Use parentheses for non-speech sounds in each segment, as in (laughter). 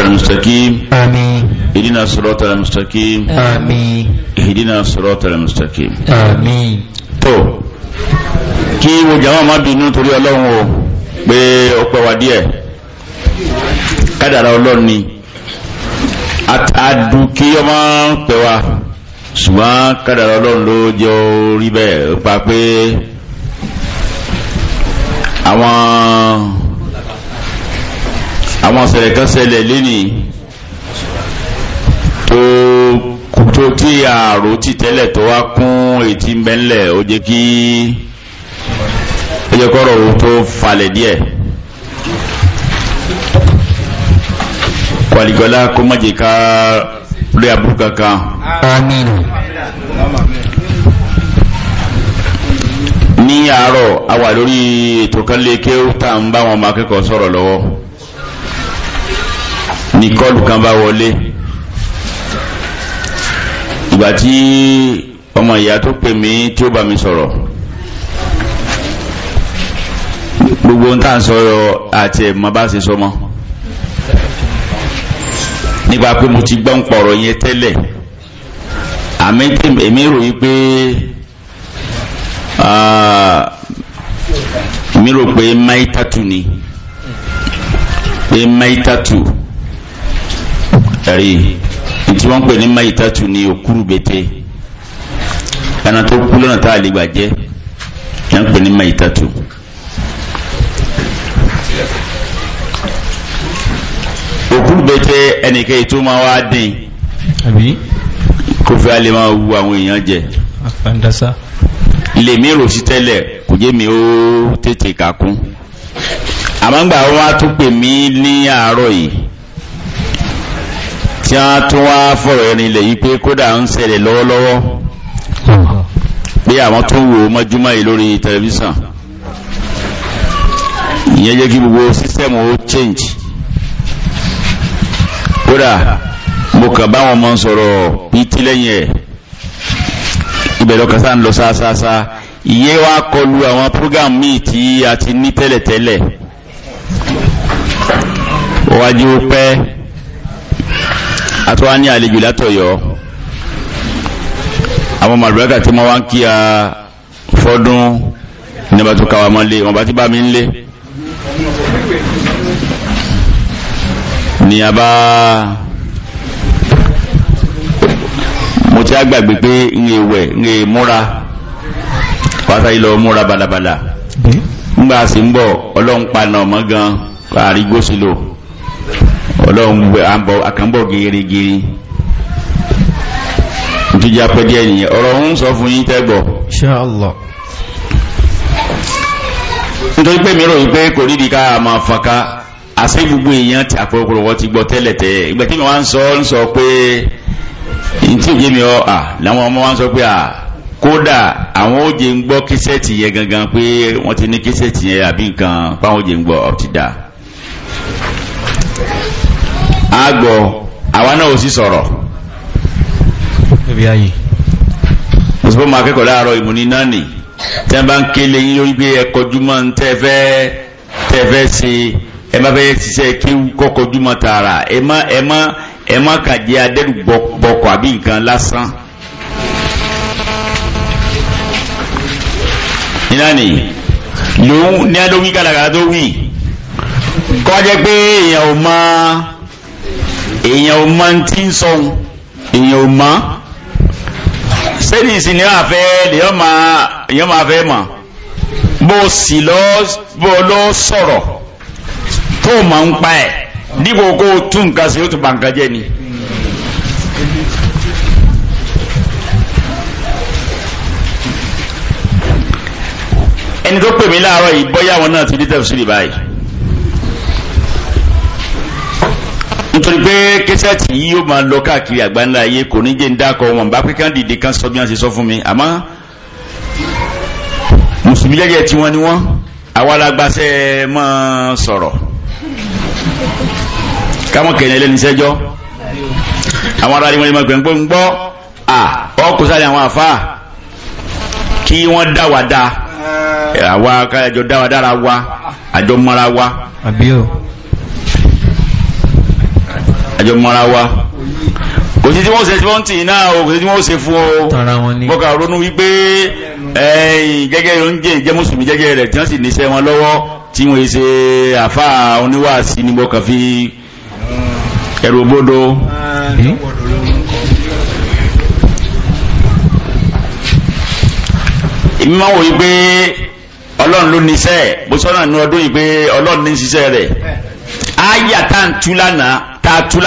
المستقيم آمين اهدنا الصراط المستقيم آمين اهدنا الصراط المستقيم آمين tó kí wo jàmá má bínú torí Ọlọ́run o pé ó pẹ́ wá díẹ̀ kádàrá Ọlọ́run ni adu kí ọmọ pẹ́ wá ṣùgbọ́n kádàrá Ọlọ́run ló jẹ́ orí bẹ́ẹ̀ pa pé àwọn. àwọn ọ̀sẹ̀rẹ̀ kan ṣẹlẹ̀ lẹ́nìí tó tó tí ààrò ti tẹ́lẹ̀ tó wá kún etí mbẹ́lẹ̀ ó jẹ́ kí ó kọ́rọ̀ tó falẹ̀ díẹ̀ kwaligbọ́lá kó má ká lórí ní kọ́ọ̀lù kan bá wọlé ìgbà tí ọmọ ìyá tó pè mí tí ó bá mi sọ̀rọ̀ gbogbo ń tà ń sọ̀rọ̀ àti ẹ̀mọ́ bá ṣe sọmọ nípa pé mo ti gbọ́n pọ̀rọ̀ yẹn tẹ́lẹ̀ àmì èmi ròyìn pé mi rò pé maitatu ni pé maitatu. ẹ̀rí tí wọ́n ń pè ní mayitatu ní òkúrú bété ẹran tó kú lọ́nà tá a lè gbà jẹ́ ẹ̀ ń pè ní mayitatu. òkúrú bété ètò máa wá dín máa jẹ mi tẹ́lẹ̀ kò jẹ́ mi ó tètè àmọ́ á tún pè mí ní àárọ̀ tí a tún wá fọ̀rọ̀ ẹ̀rin lè yí pé kódà ń ṣẹlẹ̀ lọ́wọ́lọ́wọ́ pé àwọn tó wò ó mọ́júmọ́ yìí lórí tẹlifíṣàn ìyẹn jẹ́ kí gbogbo sísẹ́mù ó change kódà mo kàn báwọn ọmọ sọ̀rọ̀ pítí lẹ́yìn ẹ̀ ibẹ̀ lọ́kàn sáà ń lọ sáásáásá ìyé wa kọlu àwọn program míì tí a ti ní tẹ́lẹ̀tẹ́lẹ̀ wájú pẹ́ẹ́ àtúwá ní àlejò látọ̀yọ́ àwọn màlúwẹ́kà tí wọ́n wá ń kí a fọ́dún nígbà tó káwa mọ́ lé wọn bá ti bá mi ń lé ni a bá mo ti àgbàgbé pé ń ewẹ̀ ń e múra pátá ilọ̀ múra balabala ńgbà sí ń bọ̀ ọlọ́run pa mọ́ gan àrígbósílò. ọlọ́run àkànbọ̀ gírígírí ìtújá pẹ́jẹ́ ènìyàn ọ̀rọ̀ ń sọ fún yín tẹ́gbọ̀ inshallah nítorí pé mìíràn wípé kò nídìí ká faka àṣẹ gbogbo èèyàn wọn ti tẹ́lẹ̀ tẹ́ ìgbà tí mi wá ń sọ ń sọ pé ntí òye mi ọ à wọ́n ti ní kíṣẹ́ẹ̀tì yẹn àbí nǹkan ń àgbọ̀ àwa náà ò sì sọ̀rọ̀ òsìpọ̀ máa kẹ́kọ̀ọ́ láàárọ̀ ìmúni náà nì tẹ́ bá ń kéle yín lórí pé ẹkọjúmọ́ ń tẹ́fẹ́ tẹ́fẹ́ ṣe ẹ bá fẹ́ ṣiṣẹ́ kí kọ́kọjúmọ́ tààrà ẹ má ẹ má ẹ má kàjẹ́ adẹ́rù àbí nǹkan lásán. iná nì lòun ní adó wí kàlàkàlà tó wí kọ́ jẹ́ pé èèyàn ò máa èèyàn ò mọ tí ń sọ ohun èèyàn ò mọ sẹ́ni ìsìn ni wọ́n fẹ́ èèyàn máa fẹ́ mọ̀ bó o sì lọ bó o lọ sọ̀rọ̀ tó o mọ̀ ń pa ẹ̀ dípò kó o tún nǹkan sí o tún bà nǹkan jẹ́ ni. ẹni tó pè mí láàárọ̀ yìí bóyá àwọn náà ti dé tẹ̀sílì báyìí. nítorí pé kẹsẹ̀tì yìí yóò máa lọ káàkiri àgbáńlá ayé kò ní jẹ́ ń dákọ̀ wọn bá pẹ́kán dìde kan sọ bí wọ́n ṣe sọ fún mi àmọ́ mùsùlùmí jẹ́jẹ́ tí wọ́n ní wọ́n àwa la gbaṣẹ́ máa sọ̀rọ̀ káwọn kẹ̀yìn ẹlẹ́ni sẹ́jọ́ àwọn ará ni wọ́n lè ń gbọ́ à ọkùnrin sáré àwọn àfa kí wọ́n dá wa dá àwa káyàjọ dá wa dára wa àjọ mọ́ra wa. àbí o àjọ mọ́ra wa kò sí tí wọ́n ṣe tí wọ́n tì náà o kò sí tí wọ́n ṣe fún o bọ́kà ronú wípé gẹ́gẹ́ oúnjẹ ìjẹ́ mùsùlùmí gẹ́gẹ́ rẹ̀ tí wọ́n sì níṣẹ́ wọn lọ́wọ́ tí wọ́n ṣe àfa oníwàásí ni bọ́kà fi ẹ̀rù bódò. ìmọ̀ wòye pé ọlọ́run ló níṣẹ́ bó sọ́nà ní ọdún yìí pé ọlọ́run ní ṣiṣẹ́ rẹ̀ áyà tá tá a tú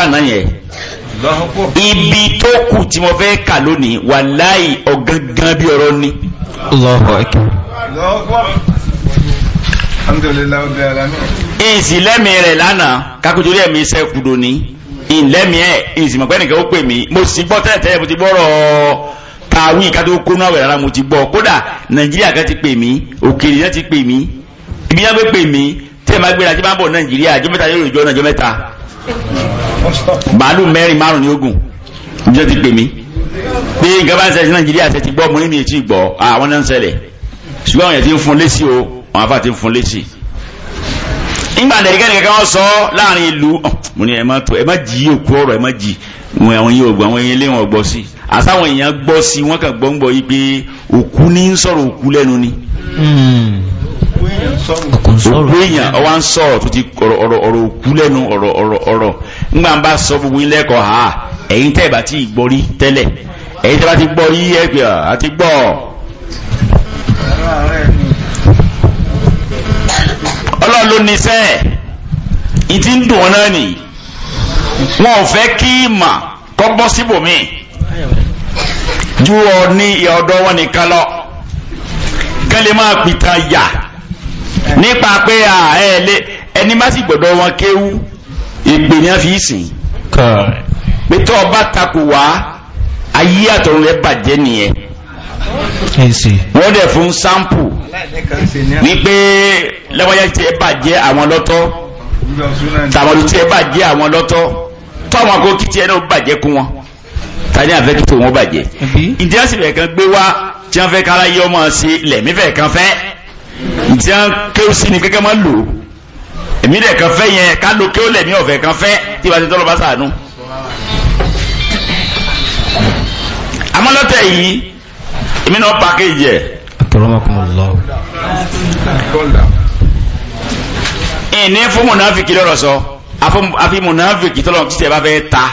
ibi tó kù tí mo fẹ́ kà lónìí wàláì ọ̀gángan bí ọ̀rọ̀ ni. ala ìsìlẹ́mì rẹ̀ lánàá kákòjú rẹ̀ mi sẹ́kù lónìí ìlẹ́mì ẹ̀ ìsìmọ̀pẹ́ nìkan ó pè mí mo sì gbọ́ tẹ́lẹ̀tẹ́lẹ̀ mo ti gbọ́rọ̀ kàwé ìkàtó kónú àwẹ̀ rárá mo ti gbọ́ kódà Nàìjíríà kan ti pè mí òkèèrè náà ti pè mí ibi pè tí ẹ máa gbéra tí bá ń bọ̀ nàìjíríà ọjọ́ mẹ́ta yóò jọ ọjọ́ mẹ́ta màálù mẹ́rin márùn ní ogun ìjọ ti pè mí pé nǹkan bá ń ṣẹlẹ̀ sí nàìjíríà ṣe ti gbọ́ mo ní mi ì tí ì gbọ́ àwọn náà ń ṣẹlẹ̀ ṣùgbọ́n àwọn yẹn ti ń fún lésì o àwọn afa ti ń fún lésì nígbà nìkan nìkan wọn sọ láàrin ìlú mo ní ẹ má tó ẹ má jì í òkú ọ̀rọ̀ ẹ má jì wọn àwọn yìí ò gbọ́ àwọn ilé wọn gbọ́ sí àtàwọn èèyàn gbọ́ sí wọn kàn gbọ́ ń gbọ́ yìí pé òkú ní ń sọ̀rọ̀ òkú lẹ́nu ni. Hmm. òkú ọwá ń sọ ọ̀tún ti ọ̀rọ̀ òkú lẹ́nu ọ̀rọ̀ ńgbà ń bá sọ gbogbo ha ẹ̀yin tẹ́ bá ti gbọ́ rí tẹ́lẹ̀ tẹ́ bá ti gbọ́ yí ẹgbẹ́ àti gbọ́. ọlọ́run ní sẹ́ẹ̀ ń dùn wọn náà nì fẹ́ kí ju ọ ní wọn nìkan lọ kẹ́lẹ́ máa pìtà yà. nípa pé ẹni má sì gbọ́dọ̀ wọn kéwú ìpè ní àfi ìsìn pé tó ọba takò wá ayé àtọ̀run rẹ̀ bàjẹ́ nìyẹn wọ́n dẹ̀ fún sáǹpù wípé lẹ́wọ́yá tí ẹ bàjẹ́ àwọn lọ́tọ̀ tàwọn tí ẹ bàjẹ́ àwọn lọ́tọ̀ tọ́wọn kó kí tí ẹ náà bàjẹ́ kún wọn tani àfẹ́ kí tó wọn bàjẹ́ ìdí àsìfẹ́ kan gbé wá tí wọ́n fẹ́ kára yí sí lẹ̀mí fẹ́ kan fẹ́ ntí a kéwù sí ni kékeré máa lò èmi dẹ̀ kan fẹ́ yẹn ká lo kéwù lẹ̀ ní ọ̀fẹ́ kan fẹ́ tí wàá ti tọ́lọ́ bá sàánú. amọ́lọ́tẹ̀ yìí èmi náà pàkéjì ẹ̀. ìní fún mùnàfíkì lọ́rọ̀ sọ àfi mùnàfíkì tọ́lọ́ títí ẹ bá fẹ́ ta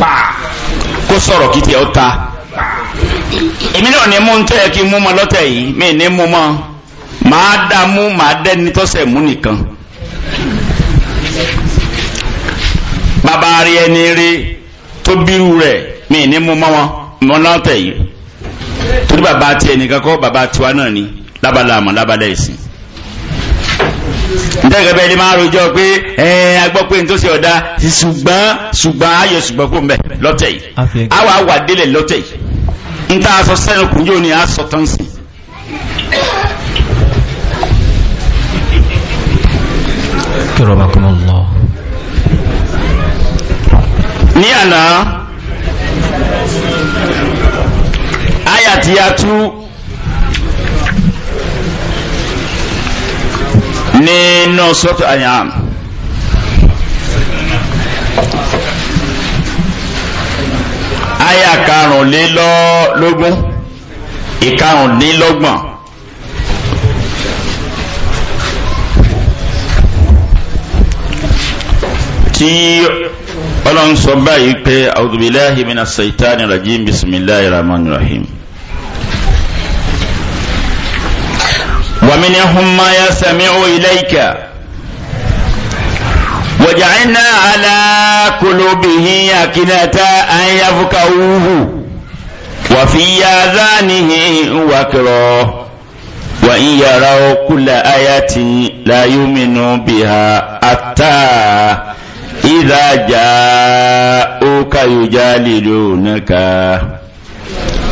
pa kó sọ̀rọ̀ kí tiẹ̀ ó ta èmi náà ní mú ń tẹ̀ kí mú mọ́ lọ́tẹ̀ yìí mi ní mú mọ́ màá dààmú màá dẹ́ni tọ́sẹ̀ mú nìkan bàbá rí ẹni rí tó bírú rẹ̀ mí ní mú mọ́ wọn mọ́ náà tẹ̀ yìí torí bàbá tiẹ̀ nìkan kọ́ bàbá tiwa náà ni lábàlá àmọ́ lábàlá ẹ̀sìn ntẹ́gẹ̀ bẹ́ẹ̀ ni máa rojọ́ pé ẹ agbọ́ pé nítorí ṣe ọ̀dá ṣùgbọ́n ṣùgbọ́n ayọ̀ ṣùgbọ́n kò mẹ́ lọ́tẹ̀ yìí àwọn àwàdélẹ̀ lọ́tẹ̀ yìí nta aṣọ sẹ́nu kùn yóò ní aṣọ sí i. Akramakumullah ní àná àyà tí a tú nínú sọ́tù àyà àyà karùnlélọ́gbọ̀n ìkarùnlélọ́gbọ̀n. tí ọlọ́run sọ báyìí pé audubilahi mina saitani rajim bisimilahi rahman rahim. ومنهم ما يستمع إليك وجعلنا على قلوبه أكنة أن يفقهوه وفي آذانه وكرا وإن يروا كل آية لا يؤمنوا بها حتى إذا جاءوك يجادلونك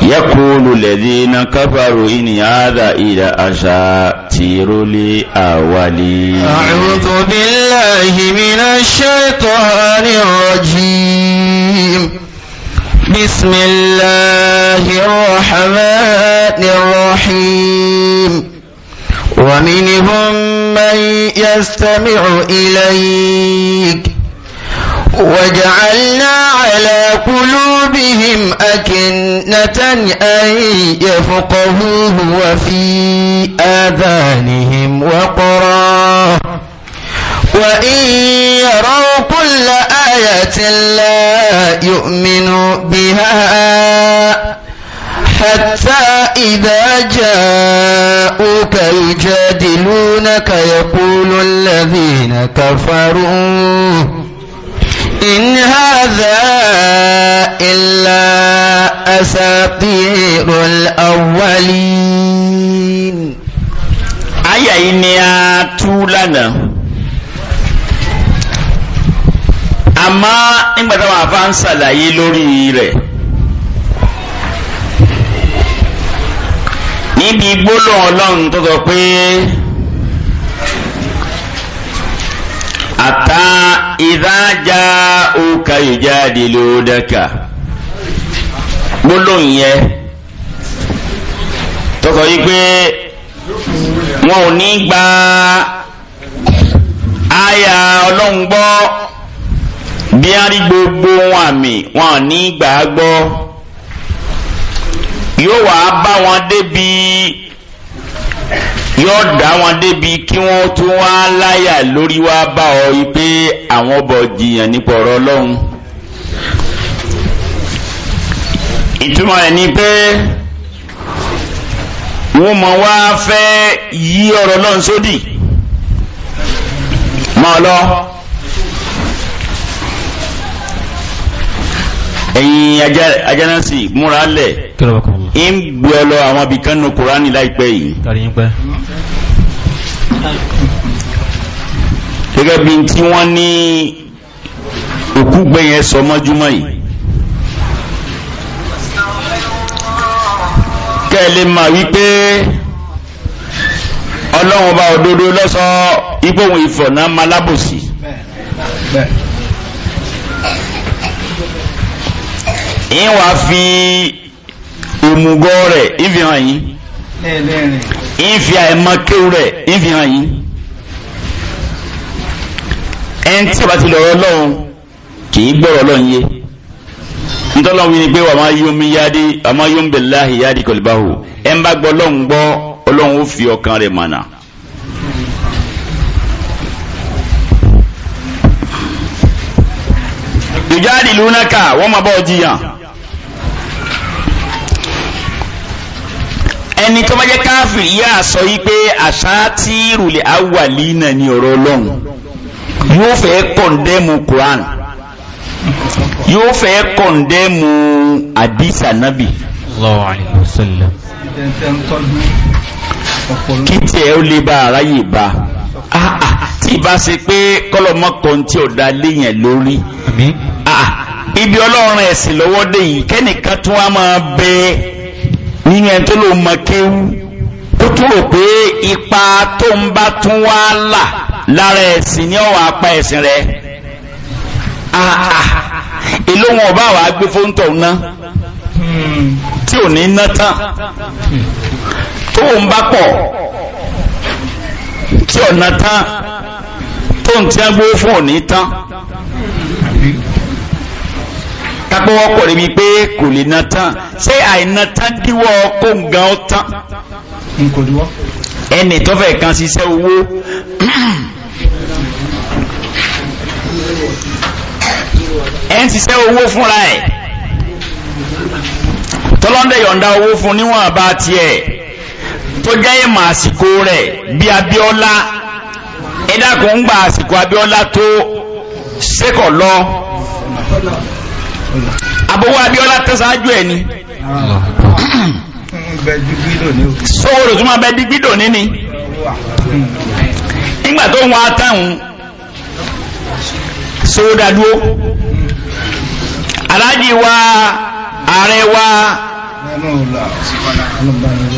يقول الذين كفروا إن هذا إلى أساطير الأولين أعوذ بالله من الشيطان الرجيم بسم الله الرحمن الرحيم ومنهم من يستمع إليك وجعلنا على قلوبهم أكنة أن يفقهوه وفي آذانهم وقرا وإن يروا كل آية لا يؤمنوا بها حتى إذا جاءوك يجادلونك يقول الذين كفروا إن هذا إلا أساطير الأولين àyà yìí ni a tú lánàá àmọ́ nígbà táwọn àfa ń ṣàlàyé lórí rẹ̀ níbi gbólóhùn ọlọ́run tó sọ pé. ata ịraja o kaiye jara dị l'ọdịka gbọdọ yẹ tọkọ igwe wọn ni igba aya olọngbọ bi a rigbogbo ọn a mi wọn o ni igba gbọ io wa ba wọn de yóò dá wọn débi kí wọ́n tún wá láyà lórí wá bá ọ pé àwọn bọ̀ jiyàn nípa ọ̀rọ̀ ọlọ́run ìtumọ̀ ẹ̀ ni pé wọ́n mọ̀ wá fẹ́ yí ọ̀rọ̀ ọlọ́run sódì mọ́ ọ lọ. ẹ̀yin ajánásì múra lẹ̀ ń gbé ọ lọ àwọn abìkan nù kùránì láìpẹ́ yìí gẹ́gẹ́ bí tí wọ́n ní òkú gbẹ̀yẹn sọ mọ́júmọ́ yìí kẹ́lẹ̀ ma wípé ọlọ́run bá òdodo lọ́sọ igbóhun ìfọ̀nà malábòsí ń wá fi òmùgọ̀ rẹ̀ ìfihàn yìí ń fi àìmọ́ kéwù rẹ̀ ìfihàn yìí ẹn tí ọba ti lọ́rọ̀ lọ́hùn kì í gbọ́rọ̀ lọ́hùn yé ntọ́lọ́hùn ni pé wàá máa yóò mi yáde wàá máa láàyè yáde bá gbọ́ ìjáàdì lunaka wọ́n máa bọ́ jiyàn ẹni tó bá jẹ́ káfìrí yá sọ yí pé àṣà tí ìrùlẹ̀ awàlì náà ni ọ̀rọ̀ ọlọ́run yóò fẹ́ kọ̀ndẹ́mù Quran yóò fẹ́ kọ̀ndẹ́mù àdìsà nábì kí tí ẹ ó lè bá aráyè bá ah, ah, ah tí ìbá ṣe pé kọ́lọ́mọ́ kan tí ò da léyìn lórí ah, ibi ọlọ́run ẹ̀sìn lọ́wọ́ dé yìí kẹ́nìkan tún wá máa bẹ nínú ẹni tó lò mọ kéwú ó tún rò pé ipa tó ń bá tún wá là lára ẹ̀sìn ní ọ̀wọ́ apá ẹ̀sìn rẹ̀ ah, èló wọn ọba àwọn agbé fóńtọ̀ ná tí ò ní ná tán tó ń bá pọ̀ tí ọ̀nà tán tó ń tí a gbówó fún òní tán kápẹ́ wọ́n kọ̀ níbi pé kò lè na tán ṣé àìna tán díwọ́ kó ń ga ọ́ tán ẹnì tó fẹ́ kan ṣiṣẹ́ owó ẹ ń ṣiṣẹ́ owó fúnra ẹ̀ tọ́lọ́ndẹ̀ yọ̀ǹda owó fún níwọ̀n àbá tiẹ̀ tó jẹ́ ìmọ̀ àsìkò rẹ̀ bí Abíọ́lá ẹ̀dàkùn ń gba àsìkò Abíọ́lá tó sékọ̀ lọ àbówó Abíọ́lá tó sáájú ẹ̀ ni sọ́wọ́rọ̀ tó máa bẹ dígbìdò níní nígbà tó ń wá táwọn sówódádúó aláàjì wa ààrẹ wa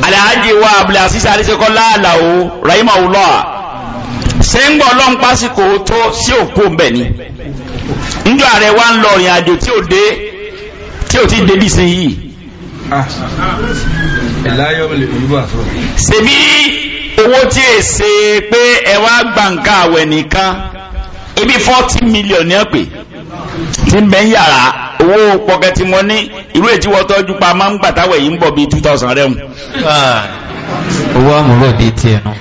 aláàjì wa abdulaziz alisekola aláwo rahimahullah ṣe ń gbọ́ lọ́n pásìkò tó sí òkú mbẹ̀ ni njọ́ ààrẹ wa ń lọ ìrìn àjò tí ò dé tí ò ti débi sí yìí. ṣebí owó tí è ṣe pé ẹ wá gba nǹkan àwẹ̀ nìkan ibi forty million ní ọ̀pẹ̀ tí ń bẹ ń yàrá owó pọkẹtì wọn ní ìlú ètí wọ́n tọ́jú pa máa ń gbàtàwẹ̀ yìí ń bọ̀ bíi two thousand rẹ̀ hùn. owó àmúlò bíi tiẹ̀ náà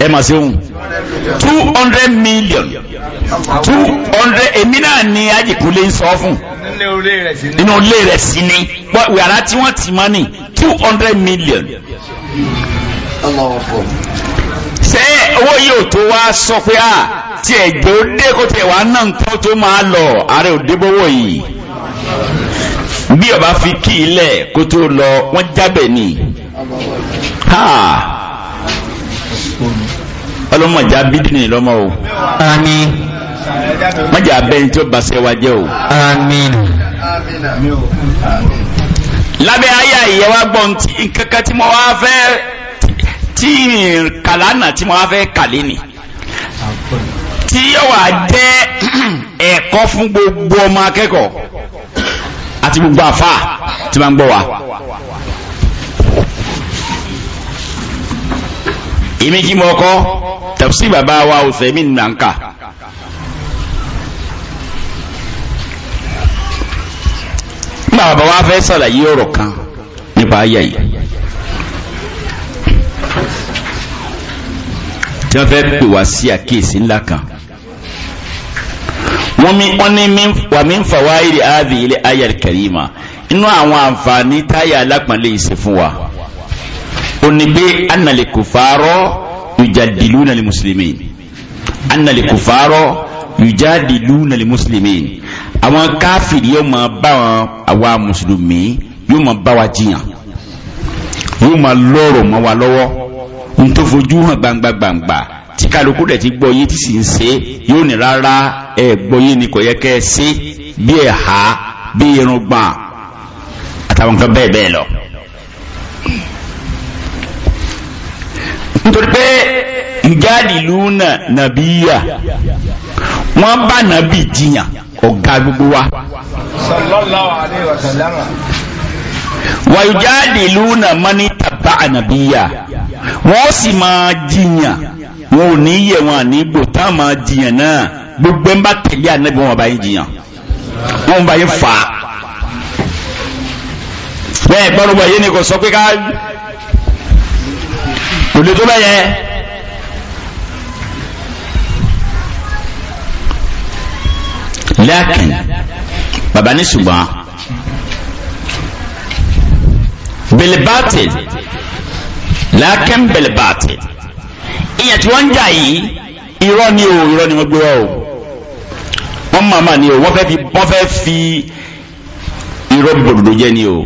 ẹ mà ṣe òun two hundred million two hundred èmi náà ni ajikunle ń sọ fún nínú ilé rẹ̀ sí ni yàrá tí wọ́n ti mọ́ ni two hundred million ṣé owó yìí ò tó wá sọ pé à tí ẹ̀gbẹ́ ó dé kó tẹ̀ wá náà nǹkan tó máa lọ ààrẹ òdébọ̀wọ̀ yìí bí ọba fi kí ilẹ̀ kó tó lọ wọ́n jábẹ̀ ni ọlọ́mọjà bídìní lọ́mọ o àmín mọ́jà abẹ́ni tí ó bá sẹ́wà jẹ́ o àmín lábẹ́ ayé àyẹ̀wà gbọ́n tí kankan tí mo wá fẹ́ tí kàlánà tí mo wá fẹ́ kàlé ni tí yóò wá jẹ́ (clears throat) ẹ̀kọ́ fún gbogbo ọmọ akẹ́kọ̀ọ́ àti gbogbo àfà tí ma ń gbọ́ wa èmi kí mọ́ ọkọ́ tafsir bàbá wa òfẹ́ mi nà ń kà nígbà bàbá wa fẹ́ sàlàyé ọ̀rọ̀ kan nípa ayé yìí tí wọ́n fẹ́ pè wá sí àkíyèsí ńlá kan wọ́n ní wà mí ń fà wá ìrì áàbì ilé ayé kẹrìmà inú àwọn àǹfààní táyà alápọ̀nlé ìṣe fún wa ó ní pé annalè kò fàárọ̀ ìjàdìlú nàlè mùsùlùmí annalè kò fàárọ̀ ìjàdìlú nàlè mùsùlùmí àwọn káfìrí yóò máa bá wọn àwa mùsùlùmí yóò máa bá wa jiyàn yóò máa lọ́rọ̀ mọ́ wa lọ́wọ́ n hàn gbangba gbangba tí kálukú rẹ̀ ti gbọ́yé tí sì ń ṣe yóò ní rárá ẹ gbọ́yé ni kò yẹ kẹ́ ẹ ṣe bí ẹ̀há bí irungba àtàwọn nǹkan bẹ́ẹ̀ bẹ́ẹ̀ lọ. nítorí pé ìjáàlìlú nàbíyà wọ́n bá nàbí jiyàn ọ̀gá gbogbo wa. sallallahu alaihi wasallam wàyùjáàlìlú nàmánì tàbá ànàbíyà wọ́n sì máa jiyàn wọn ò ní yẹ wọn àní gbò tá a máa jiyàn náà gbogbo ẹ̀ ń bá tẹ̀lé ànábì wọn bá yín jiyàn wọn bá yín fà á bẹ́ẹ̀ gbọ́dọ̀ bọ̀ yín ni kò sọ pé ká kò lè tó bẹ́ẹ̀ yẹn. lẹ́kìn bàbá ní ṣùgbọ́n bilbatil lẹ́kìn bilbatil ìyẹn tí wọ́n ń jà yìí irọ́ ni o irọ́ ni wọ́n gbé wá o wọ́n màmá ni o wọ́n fẹ́ fi wọ́n fẹ́ fi irọ́ bí bòdòdó jẹ́ ni o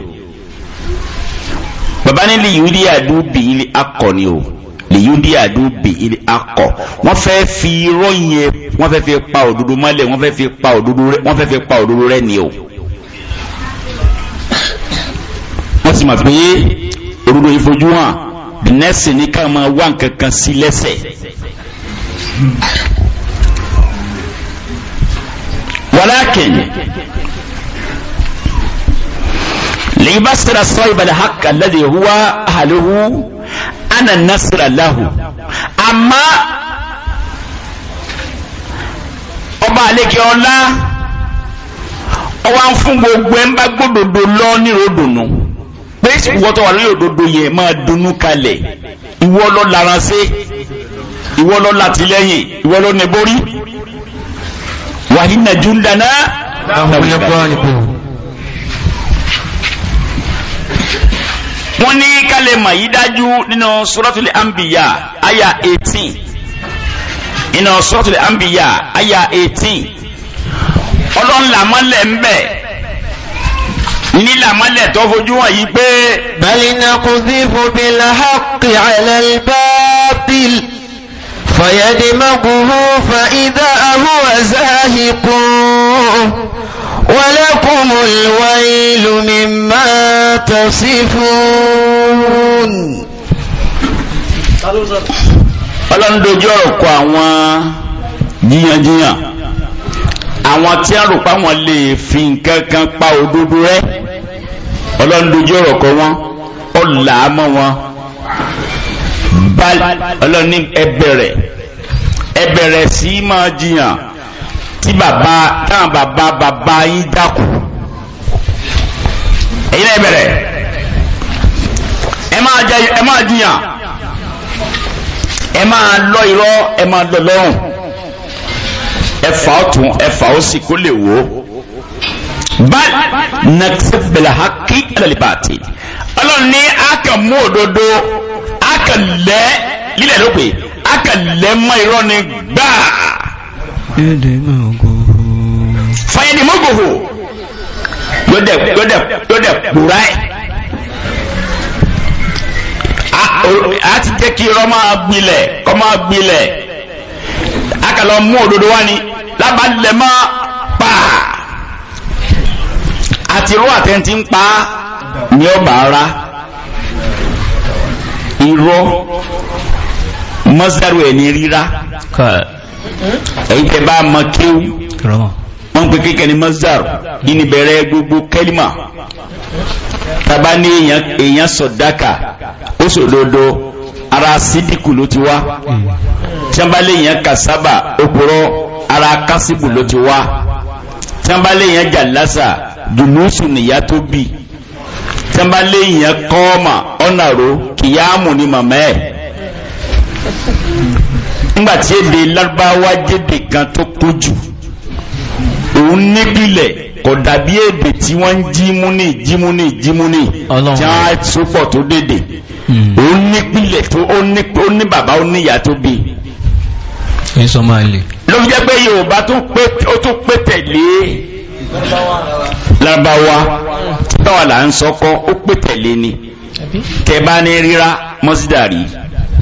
bàbá ní lìyúdí àdúbì ilé akọ ni o lìyúdí àdúbì ilé akọ wọ́n fẹ́ fi irọ́ yẹn wọ́n fẹ́ fi pa òdodo mọ́lẹ̀ wọ́n fẹ́ fi pa òdodo rẹ wọ́n fẹ́ fi pa òdodo rẹ ni o wọ́n sì mà pé òdodo yìí hàn. nurse ni ka ma wa nkan kan si lẹsẹ. walakin liba sira sɔyba la ha kala de huwa halihu ana nasira lahu ama ɔba aleke ɔla ɔwa fun gbogbo ɛnba gbododo lɔ pé ìwọ tó wà lórí òdodo yẹn máa dunnú kalẹ̀ ìwọ lọ laranṣẹ́ ìwọ lọ látìlẹ́yìn ìwọ lọ nẹ̀bórí wàhínà júndàná wọ́n ní kálẹ̀ mà yí dájú nínú suratul anbiya àyà 18 nínú suratul anbiya àyà 18 ọlọ́nlá mọ́lẹ̀ ń bẹ̀ nílàmọ́lẹ̀ tó fojú hàn yí pé bẹ́lìnà kò sí fòbí láhàkì àìlẹ́lbáàbìl fọ̀yẹ́dì mọ́gùnrù fa ìdá àrúwà záhìkún ولكم الويل مما تصفون ọlọ́run dojú ọ̀rọ̀ kọ àwọn jíyànjíyàn tí a rò pa wọn lè fi nǹkan pa òdodo rẹ́ ọlọ́run dojú ọ̀rọ̀ kọ wọn ó là á mọ́ wọn ọlọ́run ní ẹbẹ̀rẹ̀ ẹbẹ̀rẹ̀ sí máa jiyàn tí bàbá táwọn bàbá bàbá yín dákú èyí ẹbẹ̀rẹ̀ ẹ máa jiyàn ẹ máa lọ irọ́ ẹ máa lọ lọ́rùn ẹ fà ọ̀tún ẹ fà òsì kó lè wò ó. But naksib bil haqqi alal batil ọlọ́run ní akàn mú òdodo akàn lẹ́ lílẹ̀ lópe akàn lẹ́ mọ́ irọ́ ni gbáà. fàyẹ̀dì mọ́gòhò yọ̀dẹ̀ yọ̀dẹ̀ yọ̀dẹ̀ kúrá ẹ̀ a ti jẹ́ kí irọ́ máa gbilẹ̀ kọ́ máa gbilẹ̀ akàn lọ mú òdodo wá ni lábàlẹ̀ máa àti rọ́ àtẹ́ntí ń pa ní ọba ara irọ́ mọ́sálù ẹ̀ ní rírá èyí tẹ bá mọ kéwú wọ́n pe kékeré ní mọ́sálù yìí ni bẹ̀rẹ̀ gbogbo kẹ́límà tàbá ní èèyàn sọ̀dáka ó sòdodo ara sídìkù ló ti wá tí wọ́n bá lè yàn kàsábà ara kásìbù ló ti wá tí wọ́n jàlásà dùnúsù nìyá tó bi, tí wọ́n bá lé kìyàmù ni màmá ẹ̀ nígbàtí èdè lárúbáwá jẹ́dè kan tó kó jù òun níbilẹ̀ kò dàbí èdè tí wọ́n ń jímúnì jímúnì jímúnì tí wọ́n sopọ̀ tó dédè hmm. òun níbilẹ̀ tó ó ní bàbá ó tó bí ló fi jẹ́ pé Yorùbá tó pé tẹ̀lé lábáwá táwa là ń sọkọ ó pè tẹ̀lé ni tẹ bá ní rírá mọ́sídàrí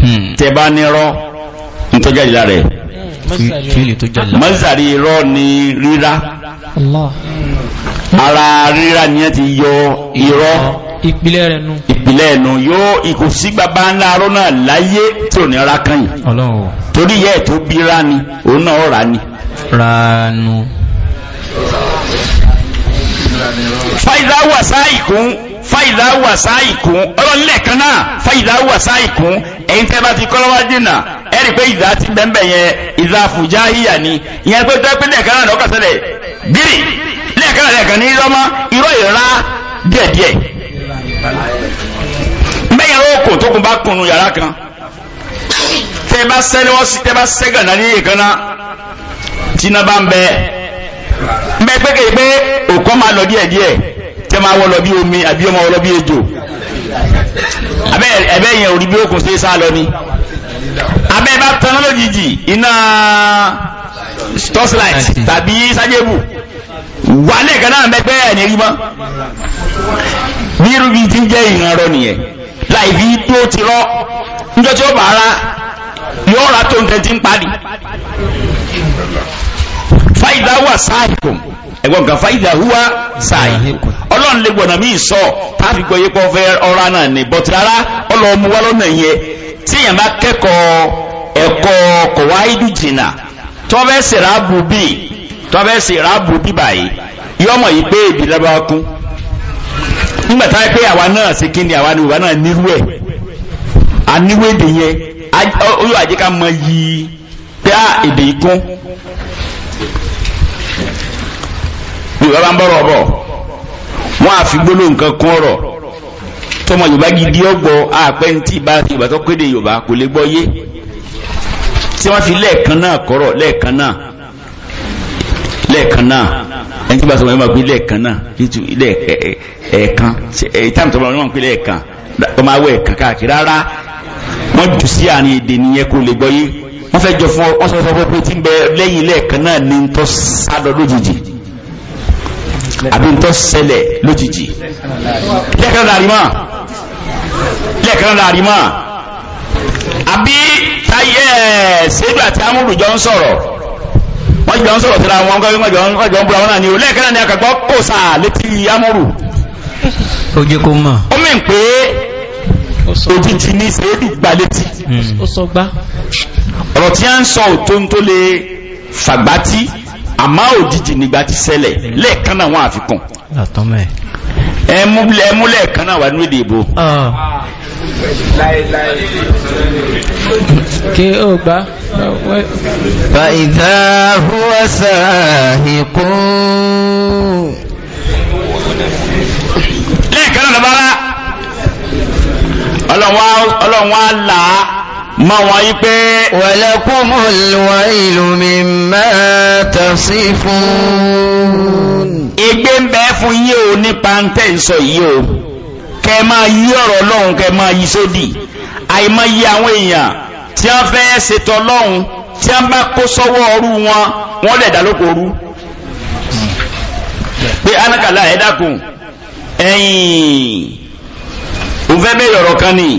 hmm. tẹ bá ní rọ nítọ́jáde lára ẹ̀ mọ́sídàrí rọ ni rírá ara rírá ni ẹ ti yọ irọ́ ìpìlẹ̀ rẹ̀ nù ìpìlẹ̀ ẹ̀nù yóò ikú sí bàbá ńlá náà láyé tí ò ní ara kányìn torí yẹ́ tó bí rá ni òun náà rà ni ránú fàìdá wà sáìkún fàìdá wà sáìkún ọlọ́nlẹ̀ kan náà fàìdá wà sáìkún ẹ̀yin tẹ́ bá ti kọ́ lọ́wọ́ dínà ẹ rí pé ìdá ti bẹ́ẹ̀ yẹn ìdá fùjá híyà ni ìyẹn pé tẹ́pẹ́ lẹ́ẹ̀kan náà lọ́kàn sẹ́lẹ̀ bírì lẹ́ẹ̀kan náà lẹ́ẹ̀kan ní lọ́mọ irọ́ ìrora díẹ̀díẹ̀ mẹ́yìn oókùn tó kún bá kùnú yàrá kan tẹ́ bá sẹ́ ni wọ́n sí tẹ́ bá sẹ́gàn náà ní ìkànnà tí ń bẹ́ẹ̀ mẹ́gbẹ́ ebe pé máa lọ díẹ̀ díẹ̀ tí máa wọ́ lọ bí omi àbí ọmọ lọ bí ejò abẹ́ yẹn orí bí okùn sí sá lọ ni abẹ́ bá tán lójijì iná torchlight tàbí sájẹ́bù wà ní ìkànnà mẹ́gbẹ́ ẹ̀ rí mọ́ bí irú ti ń jẹ́ nìyẹn láì fi ti tí ó yóò tó ti ń fáìdá wà sáàkùn ẹ̀gbọ́n kan fáìdá wà sáàkùn ọlọ́run lè gbọ̀nà míì sọ táàfi gbọ́ yípo fẹ́ ọ̀rá náà ní bọ́tí rárá ọlọ́mú wá lọ́nà tí èèyàn bá kẹ́kọ̀ọ́ ẹ̀kọ́ kọ̀wá ìdú jìnnà tọ́fẹ́ sì ráàbù bí tọ́fẹ́ sì ráàbù bí báyìí yọmọ yìí pé nígbà pé àwa náà kí ni àwa ni náà nírú yẹn àjẹká mọ yìí pé ah, èdè yorùbá bá ń bọ̀rọ̀ ọ̀bọ̀ wọ́n á fi gbólóhùn nǹkan kún ọ̀rọ̀ tọmọ yorùbá gidi ọgbọ àpẹ ntí bá yorùbá tó kéde yorùbá kò lè gbọ́ yé tí wọ́n fi lẹ́ẹ̀kan náà kọ́rọ̀ lẹ́ẹ̀kan náà lẹ́ẹ̀kan náà ẹni tí bá sọ máa gbé lẹ́ẹ̀kan náà máa gbé lẹ́ẹ̀kan káàkiri rárá wọ́n jù sí àárín èdè nìyẹn kó lè gbọ́ yé. wọ́n fẹ́ jọ fún ọ sọ fún pé tí ń bẹ lẹ́yìn lẹ́ẹ̀kan náà ní ń tọ́ sádọ lójijì àbí ń tọ́ ṣẹlẹ̀ lójijì lẹ́ẹ̀kan náà àrímọ́ lẹ́ẹ̀kan náà àrímọ́ àbí táyé ṣéjú àti amúlù jọ ń sọ̀rọ̀ wọ́n jọ ń sọ̀rọ̀ síra wọn gbọ́ wọ́n jọ ń búra wọn náà ni o lẹ́ẹ̀kan náà ni akàgbọ́ kò sáà létí amúlù. ó jẹ́ kó mọ̀. ó mìn pé ojú ti ní sẹ́ẹ̀dù gbalétí hmm. ọ̀rọ̀ tí a ń sọ òtón tó lè fàgbátí àmá òjijì nígbà tí ṣẹlẹ̀ lẹ́ẹ̀kan náà wọ́n àfikún ẹmú lẹ́ẹ̀kan náà wà ní èdè ìbò ah. kí ó gbá fa idha huwa sahiqun lẹ́ẹ̀kan náà bára ọlọ́run wá là á mọ́ wọn yí pé walakumul wailu mimma tasifun igbe ń bẹ fún yí o nípa ń tẹ́ ìsọ yí o kẹ máa yí ọ̀rọ̀ ọlọ́run kẹ máa yí sódì àìmọ́ yí àwọn èèyàn tí wọ́n fẹ́ ṣètò ọlọ́run tí wọ́n bá kó sọ́wọ́ ọrú wọn wọ́n lẹ̀ dá rú pé alákàlà ẹ̀ ẹ̀yìn òun fẹ́ bẹ́ẹ̀ yọ̀rọ̀ kan nìyí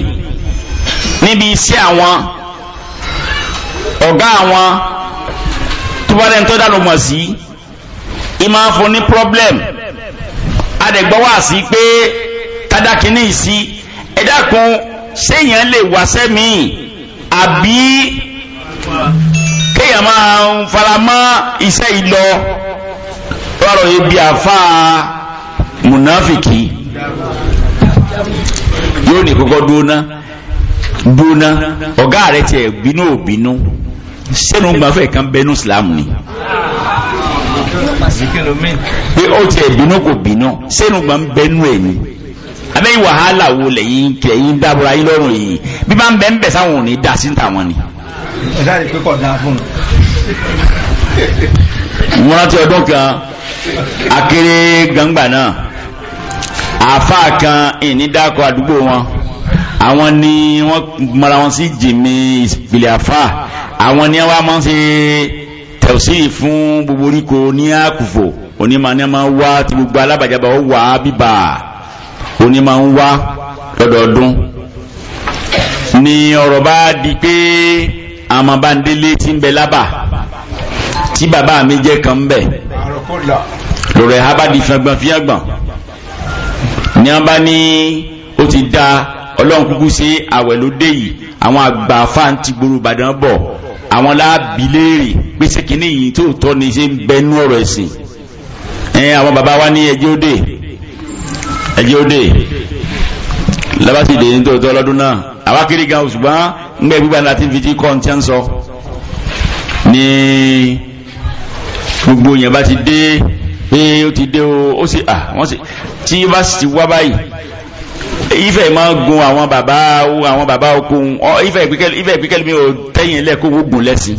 níbi iṣẹ́ àwọn ọ̀gá àwọn tó bá dẹ́n dànù mọ̀ sí i máa fún ní problem adẹ̀gbọ́wọ́ àsí pé kádàkínní sí ẹ dákun séèyàn lè wáṣẹ́ míì àbí kéèyàn máa ń fara mọ́ iṣẹ́ ìlọ lọ́rọ̀ ibi àfáà mùnáfìkì. yóò ní kọ́kọ́ dúóná dúóná ọ̀gá rẹ̀ tiẹ̀ bínú ò bínú sẹ́nu gbafẹ́ kan bẹnu Islam ni pé ó tiẹ̀ bínú kò bínú sẹ́nu gbà ń bẹnu ẹ̀ ni abẹ́yìn wàhálà wo lẹ́yìn kẹ̀yìn dábúra yín lọ́rùn yìí bí bá ń bẹ́ ń bẹ̀ sáwọn dá sí ni. ẹ̀dá rẹ̀ pé kọ̀ dáa fún un mo rántí ọdún kan akéré gbangba náà àáfàá kan ìnídàkọ̀ àdúgbò wọn àwọn ni wọ́n mara wọn sí jìmì ìpìlẹ̀ àáfàá àwọn ni wọ́n máa ń ṣe fún gbogbo oríko ní àkùfò onímọ̀ ni wọ́n máa ń wá ti gbogbo alábàjábà ó wà á bíbà onímọ̀ ń wá lọ́dọọdún ni ọ̀rọ̀ bá di pé àmọ́ bá ń délé tí ń bẹ lábà tí bàbá mi jẹ́ kan ń bẹ̀ lọ́rọ̀ ẹ̀ ha bá di fẹ́gbọ̀n fíyàgbọ̀n ní a bá ní ó ti dá ọlọ́run kúkú sí àwẹ̀ lóde yìí àwọn àgbà fáǹtì gbòòrò ìbàdàn bọ̀ àwọn láàbí léèrè pèsè kínní yìí tó tọ́ ni ṣe ń bẹnu ọ̀rọ̀ ẹ̀sìn ẹ̀yìn àwọn bàbá wa ní ẹjẹ́ òde ẹjẹ́ òde labaside ní tòótọ́ ọlọ́dún náà àwákiri gan ṣùgbọ́n ngbẹ́ gbígbà láti fi ti kọ́ ní tí a ń sọ ní gbogbo yẹn bá ti dé pé ó ti dé ó sì à wọ́n sì tí bá sì ti wá báyìí ifẹ̀ máa gun àwọn bàbá àwọn bàbá okun ifẹ̀ ìpínkẹ́lẹ́ mi ò tẹ́yìn ilẹ̀ kó gbogbo lẹ́sìn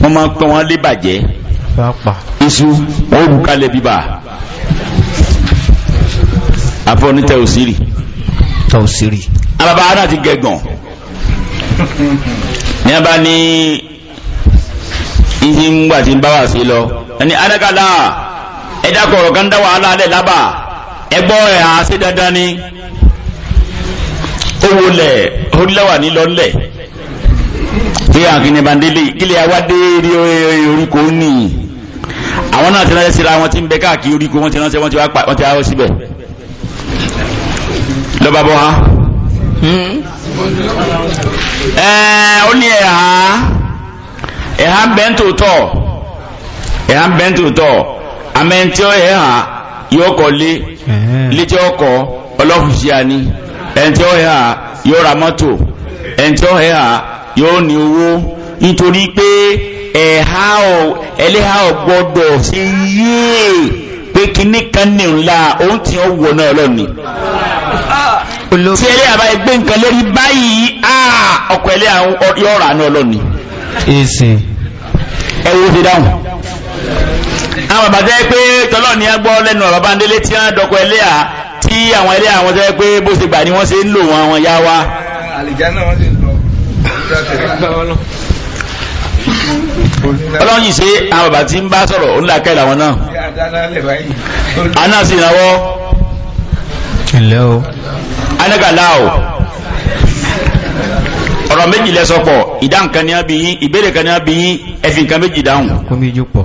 wọ́n máa pẹ́ wọ́n lé bàjẹ́ iṣu wọ́n rù kalẹ̀ bíbà àfọ́ ní tẹ́òsírì tẹ́òsírì alábá ara ti gẹ̀gàn ní a bá ní ìhìn gbà ń bá wà sí lọ ẹni adákàlá ẹ̀dá kọ̀ọ̀kan dá wàhálà alẹ́ lábàá ẹgbọ́ ẹ̀ àṣẹ dandan ni owó lẹ̀ orílẹ̀wà ní lọ́lẹ̀ tí a kìíní bá ń délé kílẹ̀ awádé rí oríko ní àwọn náà ti ránṣẹ́ síra wọn ti ń bẹ káàkiri oríko wọn ti ránṣẹ́ wọn ti wá pa wọn ti wá síbẹ̀ lọ́ba bọ́ ha hmm? ẹ̀ẹ́ ó ní ẹ̀há ẹ̀há bẹ́ntòótọ́ ẹ̀há bẹ́ntòótọ́ àmẹ́ntí ó ẹ̀há yóò kọ́ lé ilé tí ó kọ́ ọlọ́fíṣíà ni ẹni tí ó hẹ́ à yóò ra mọ́tò ẹni tí à yóò ní owó nítorí pé ẹ̀há ẹlẹ́hà ọ̀gbọ́dọ̀ ṣe pé kíní kan ní ńlá òun tí ó wọ̀ náà lọ́ni tí ẹlẹ́ àbá ẹgbẹ́ nǹkan lórí báyìí ọkọ̀ ẹlẹ́ àwọn yọ̀ọ̀rà náà lọ́ni dáhùn àwọn bàbá jẹ́ pé tọ́lọ́ ni a lẹ́nu bàbá tí wọ́n dọ́kọ̀ ẹlẹ́à tí àwọn ẹlẹ́à wọn jẹ́ pé bó ṣe gbà ni wọ́n ṣe ń lò wọn àwọn yá wa. ọlọ́run ṣe àwọn bàbá tí ń bá sọ̀rọ̀ ó ń làkẹ́ làwọn náà. àná sì náwọ́. ẹ̀lẹ́ o. ọ̀rọ̀ méjì lẹ́sọ̀pọ̀ ìdá nǹkan ní abiyin ìbéèrè kan ní abiyin ẹ̀fìn kan méjì dáhùn. kọ́míjú pọ̀.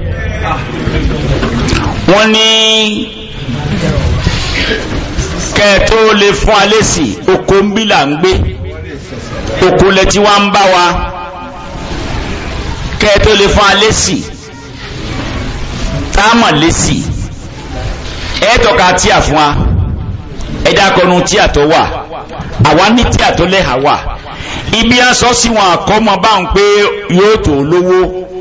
wọ́n ní kẹ́ẹ̀tó lè fún alẹ́sì oko ń bí là ń gbé oko lẹ tí wá ń bá wa kẹ́ẹ̀tó lè fún alẹ́sì táàmà lẹ́sì ẹ̀ẹ́tọ̀ka tí a fún wa ẹ̀dá kọnu tí a tó wà àwa ní tí a tó lẹ́hà wà ibi aṣọ sí wọn àkọ́mọ báwọn pé yóò tó lówó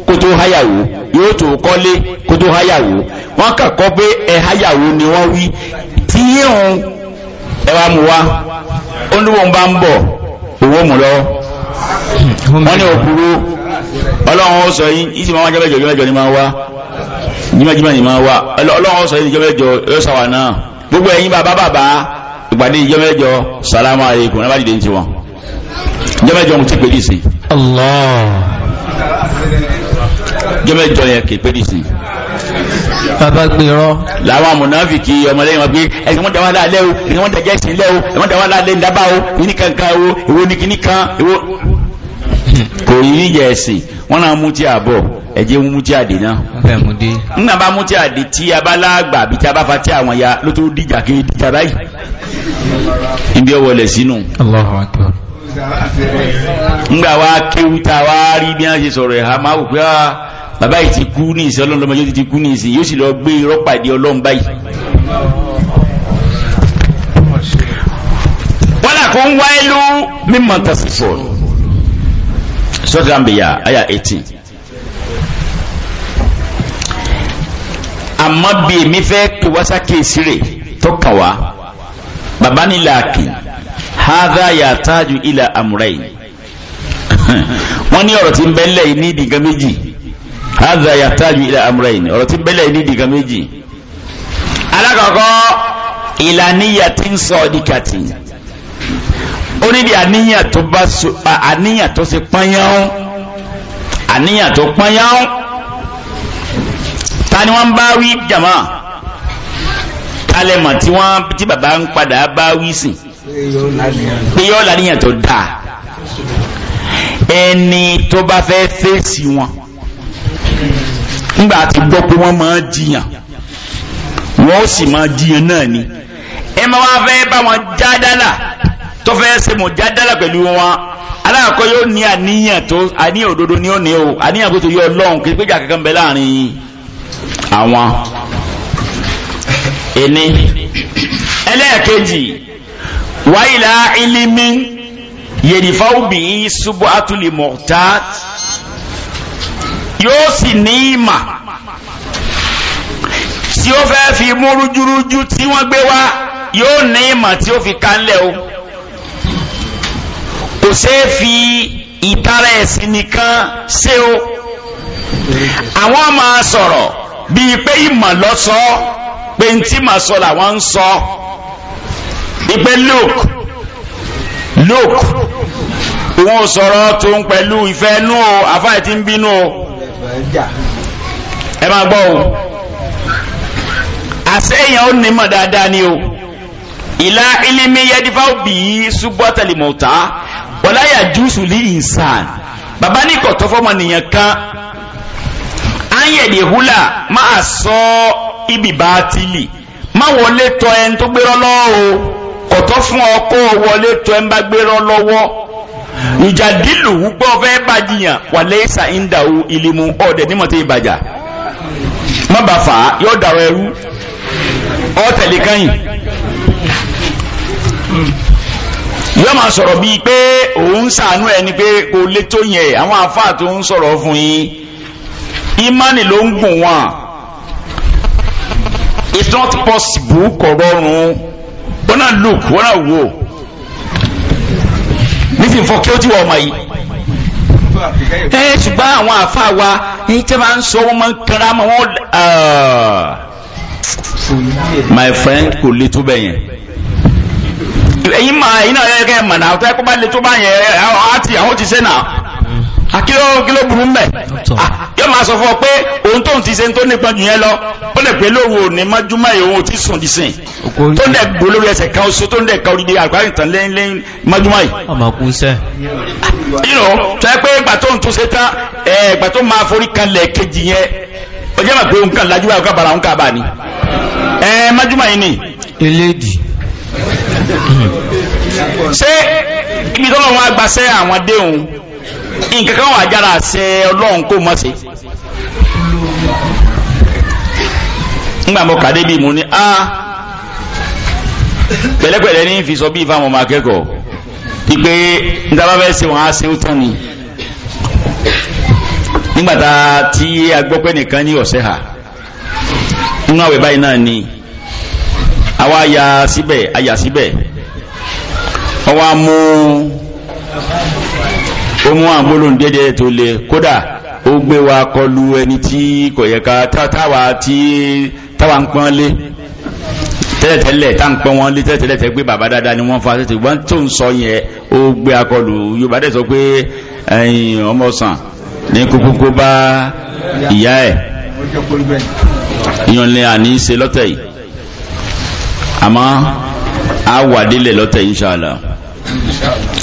kó tó háyàwó yóò tó kọ́lé kó tó háyàwó wọ́n kàkọ́ pé ẹ háyàwó ni wọ́n wí tí yíhun ẹwà mú wá olúwo bá ń bọ̀ owó mú lọ wọ́n ní òkúrú ọlọ́run ó sọ yín ìsì máa wá jẹ́bẹ̀jọ jẹ́bẹ̀jọ ni máa wá jímẹ̀jímẹ̀ ni máa wá ọlọ́run ó sọ yín jẹ́bẹ̀jọ yóò sàwà náà gbogbo ẹ̀yin bàbá bàbá ìpàdé ìjẹ́bẹ̀jọ sàlámù àlékún náà bá dìde ní tiwọn jẹ́bẹ̀jọ mo ti pè dì sí. Allah jọmẹjọ yẹn kì í pé bàbá gbèrọ. làwọn mùnàfíkì ọmọlẹ́yìn wọn pé ẹ̀sìn wọn dáwọ́ lálẹ́ o ẹ̀sìn wọn dájẹ́ lẹ́ o wọn dáwọ́ ńdábà o o kíní kan kò wọn náà mú tí a mú bá mú tí a dì tí bá láàgbà àbí tí a bá fa tí ya ló tó kí báyìí. ibi ọwọ́ lẹ̀ sínú. bàbá yìí ti kú ní ìsìn ọlọ́run lọ́mọdé ti kú ní ìsìn yóò sì lọ gbé irọ́ pàdé ọlọ́run báyìí. wọ́lá kò ń wá ìlú mímọ́ tẹ̀sífọ̀ sọ́tà ń bìyà àyà eighteen. àmọ́ bí èmi fẹ́ kí wáṣá kéèsì rè tó kàn wá bàbá ní làákì hádà yàtájú ilà àmúrẹ́yìn (laughs) wọ́n ní ọ̀rọ̀ tí ń bẹ́ńlẹ̀ ní ìdìgán méjì hadha yahtaju ila amrayn ọ̀rọ̀ tí bẹ́lẹ̀ ní ìdìkan méjì alákọ̀ọ́kọ́ ìlàníyàtin sọ́ọ̀dìkàtì ó ní bí àníyàn tó ṣe pányán àníyàn tó pányán ta ni wọ́n bá wí jàmá kalẹ̀mọ̀ tí wọ́n tí bàbá ń padà bá wí sìn pé yọ́ làníyàn tó dáa ẹni tó bá fẹ́ fèsì wọn ńgbà àti gbọ́ pé wọ́n máa jiyàn wọ́n ó sì máa jiyàn náà ni ẹ máa wá fẹ́ bá wọn jádálà tó fẹ́ ṣe mọ̀ jádálà pẹ̀lú wọn aláàkọ́ yóò ní àníyàn tó àníyàn òdodo ni ó ní o àníyàn tó yọ ọlọ́run kí péjà kankan bẹ láàrin àwọn ẹni ẹlẹ́ẹ̀kejì wáyìlá ilimi yèrìfáwùbì subu atuli mọ̀tá yóò sì ní ìmà tí ó fẹ́ fi mú rújúrújú tí wọ́n gbé wá yóò ní ìmà tí ó fi kánlẹ̀ o kò ṣe é fi ìtara ẹ̀sìn nìkan ṣe o àwọn máa sọ̀rọ̀ bíi pé ìmọ̀ lọ́sọ́ pé ń tí màá sọ làwọn ń sọ ìpè look look wọn ò tó ń pẹ̀lú ìfẹ́ nú o àfáà ti ń bínú o ẹ máa gbọ́ o àṣẹ́yàn ó nímọ̀ dáadáa ni o ìlà ilimi yẹdífà òbí ṣubọ́tẹ̀lìmọ̀ta wọláyà júùsù lí ìsàn bàbá ní kọ̀tọ́ fọmọ nìyẹn kan áyẹ̀dẹ̀ húlà máa sọ ibi bá tìlì má wọlé tọ ẹni tó gbérọ́ lọ́wọ́ o kọ̀tọ́ fún ọ wọlé tọ ẹni bá gbérọ́ lọ́wọ́ ìjàdílù gbọ́ fẹ́ bàjìyàn wà lẹ́sà ìndàwó ìlímù ọ̀dẹ̀ nímọ̀ tí ìbàjà má bà fà á yóò dàrọ ẹrú ọ tẹ̀lé kẹ́yìn yóò máa sọ̀rọ̀ bíi pé òun ṣàánú ẹni pé kò lè tó yẹ àwọn àfáà tó ń sọ̀rọ̀ fún yín ìmánì ló ń gùn wọn it's not possible kọ̀ rọrùn wọn náà look wọn náà wò. reason for kí ó ti wọ ọmọ yìí ẹ ṣùgbọ́n àwọn àfa wa ní tí wọ́n sọ wọ́n máa ń kára mọ́ wọ́n ah, my friend kò le tó bẹ́ẹ̀ ẹ̀yin máa ẹ̀yin náà yẹ kẹ́ ẹ̀ mọ̀ náà tó kó bá le tó bá yẹn ẹ̀ ọ́ àti àwọn ti ṣe náà akíló burú mẹ́ ah, yóò máa sọ fún ọ pé òun tóun ti ṣe tó nípa jù yẹn lọ ó lè pé lóru òní mọ́júmọ́ ìhun ò ti sùn dísìn tó ń dẹ̀ gbó lórí ẹsẹ̀ kan oṣù tó ń dẹ̀ ka odidi àgbáyìn tán lẹ́yìn lẹ́yìn mọ́júmọ́ yìí. ọmọ kú sẹ́. Ah, yìnyín o tó yẹ pé ìgbà tó ń tún ṣe tán ìgbà tó máa forí kanlẹ̀ kejì yẹn ọjọ́ máa pé òun kan lajú báyìí ọ̀ká bara òun kà bá ni. ẹ mọ́júmọ́ yìí ni. eléèdì. ṣé ibi tó lọ́wọ́ nǹkan kan wà jára àṣẹ ọlọ́run kó mọ̀ sí nígbà mọ́ kàdé bí mo ní a pẹ̀lẹ́pẹ̀lẹ́ ní fi sọ bí ìfàmọ́ ọmọ akẹ́kọ̀ọ́ pípé níta fẹ́ wọn á ṣe ó tán ni nígbàtà ti a gbọ́ pé nìkan ní ọ̀sẹ̀ hà nínú báyìí náà ni àwa aya síbẹ̀ aya síbẹ̀ ó mú àgbólóhùn dédé tó le kódà ó gbé wa kọlu ẹni tí kò yẹ ká táwa tí táwa ń pọ́n lé tẹ́lẹ̀tẹ́lẹ̀ tá ń pọ́n wọn lé tẹ́lẹ̀tẹ́lẹ̀ tẹ́ pé bàbá dáadáa ni wọ́n fa lọ́tẹ̀ yìí àmọ́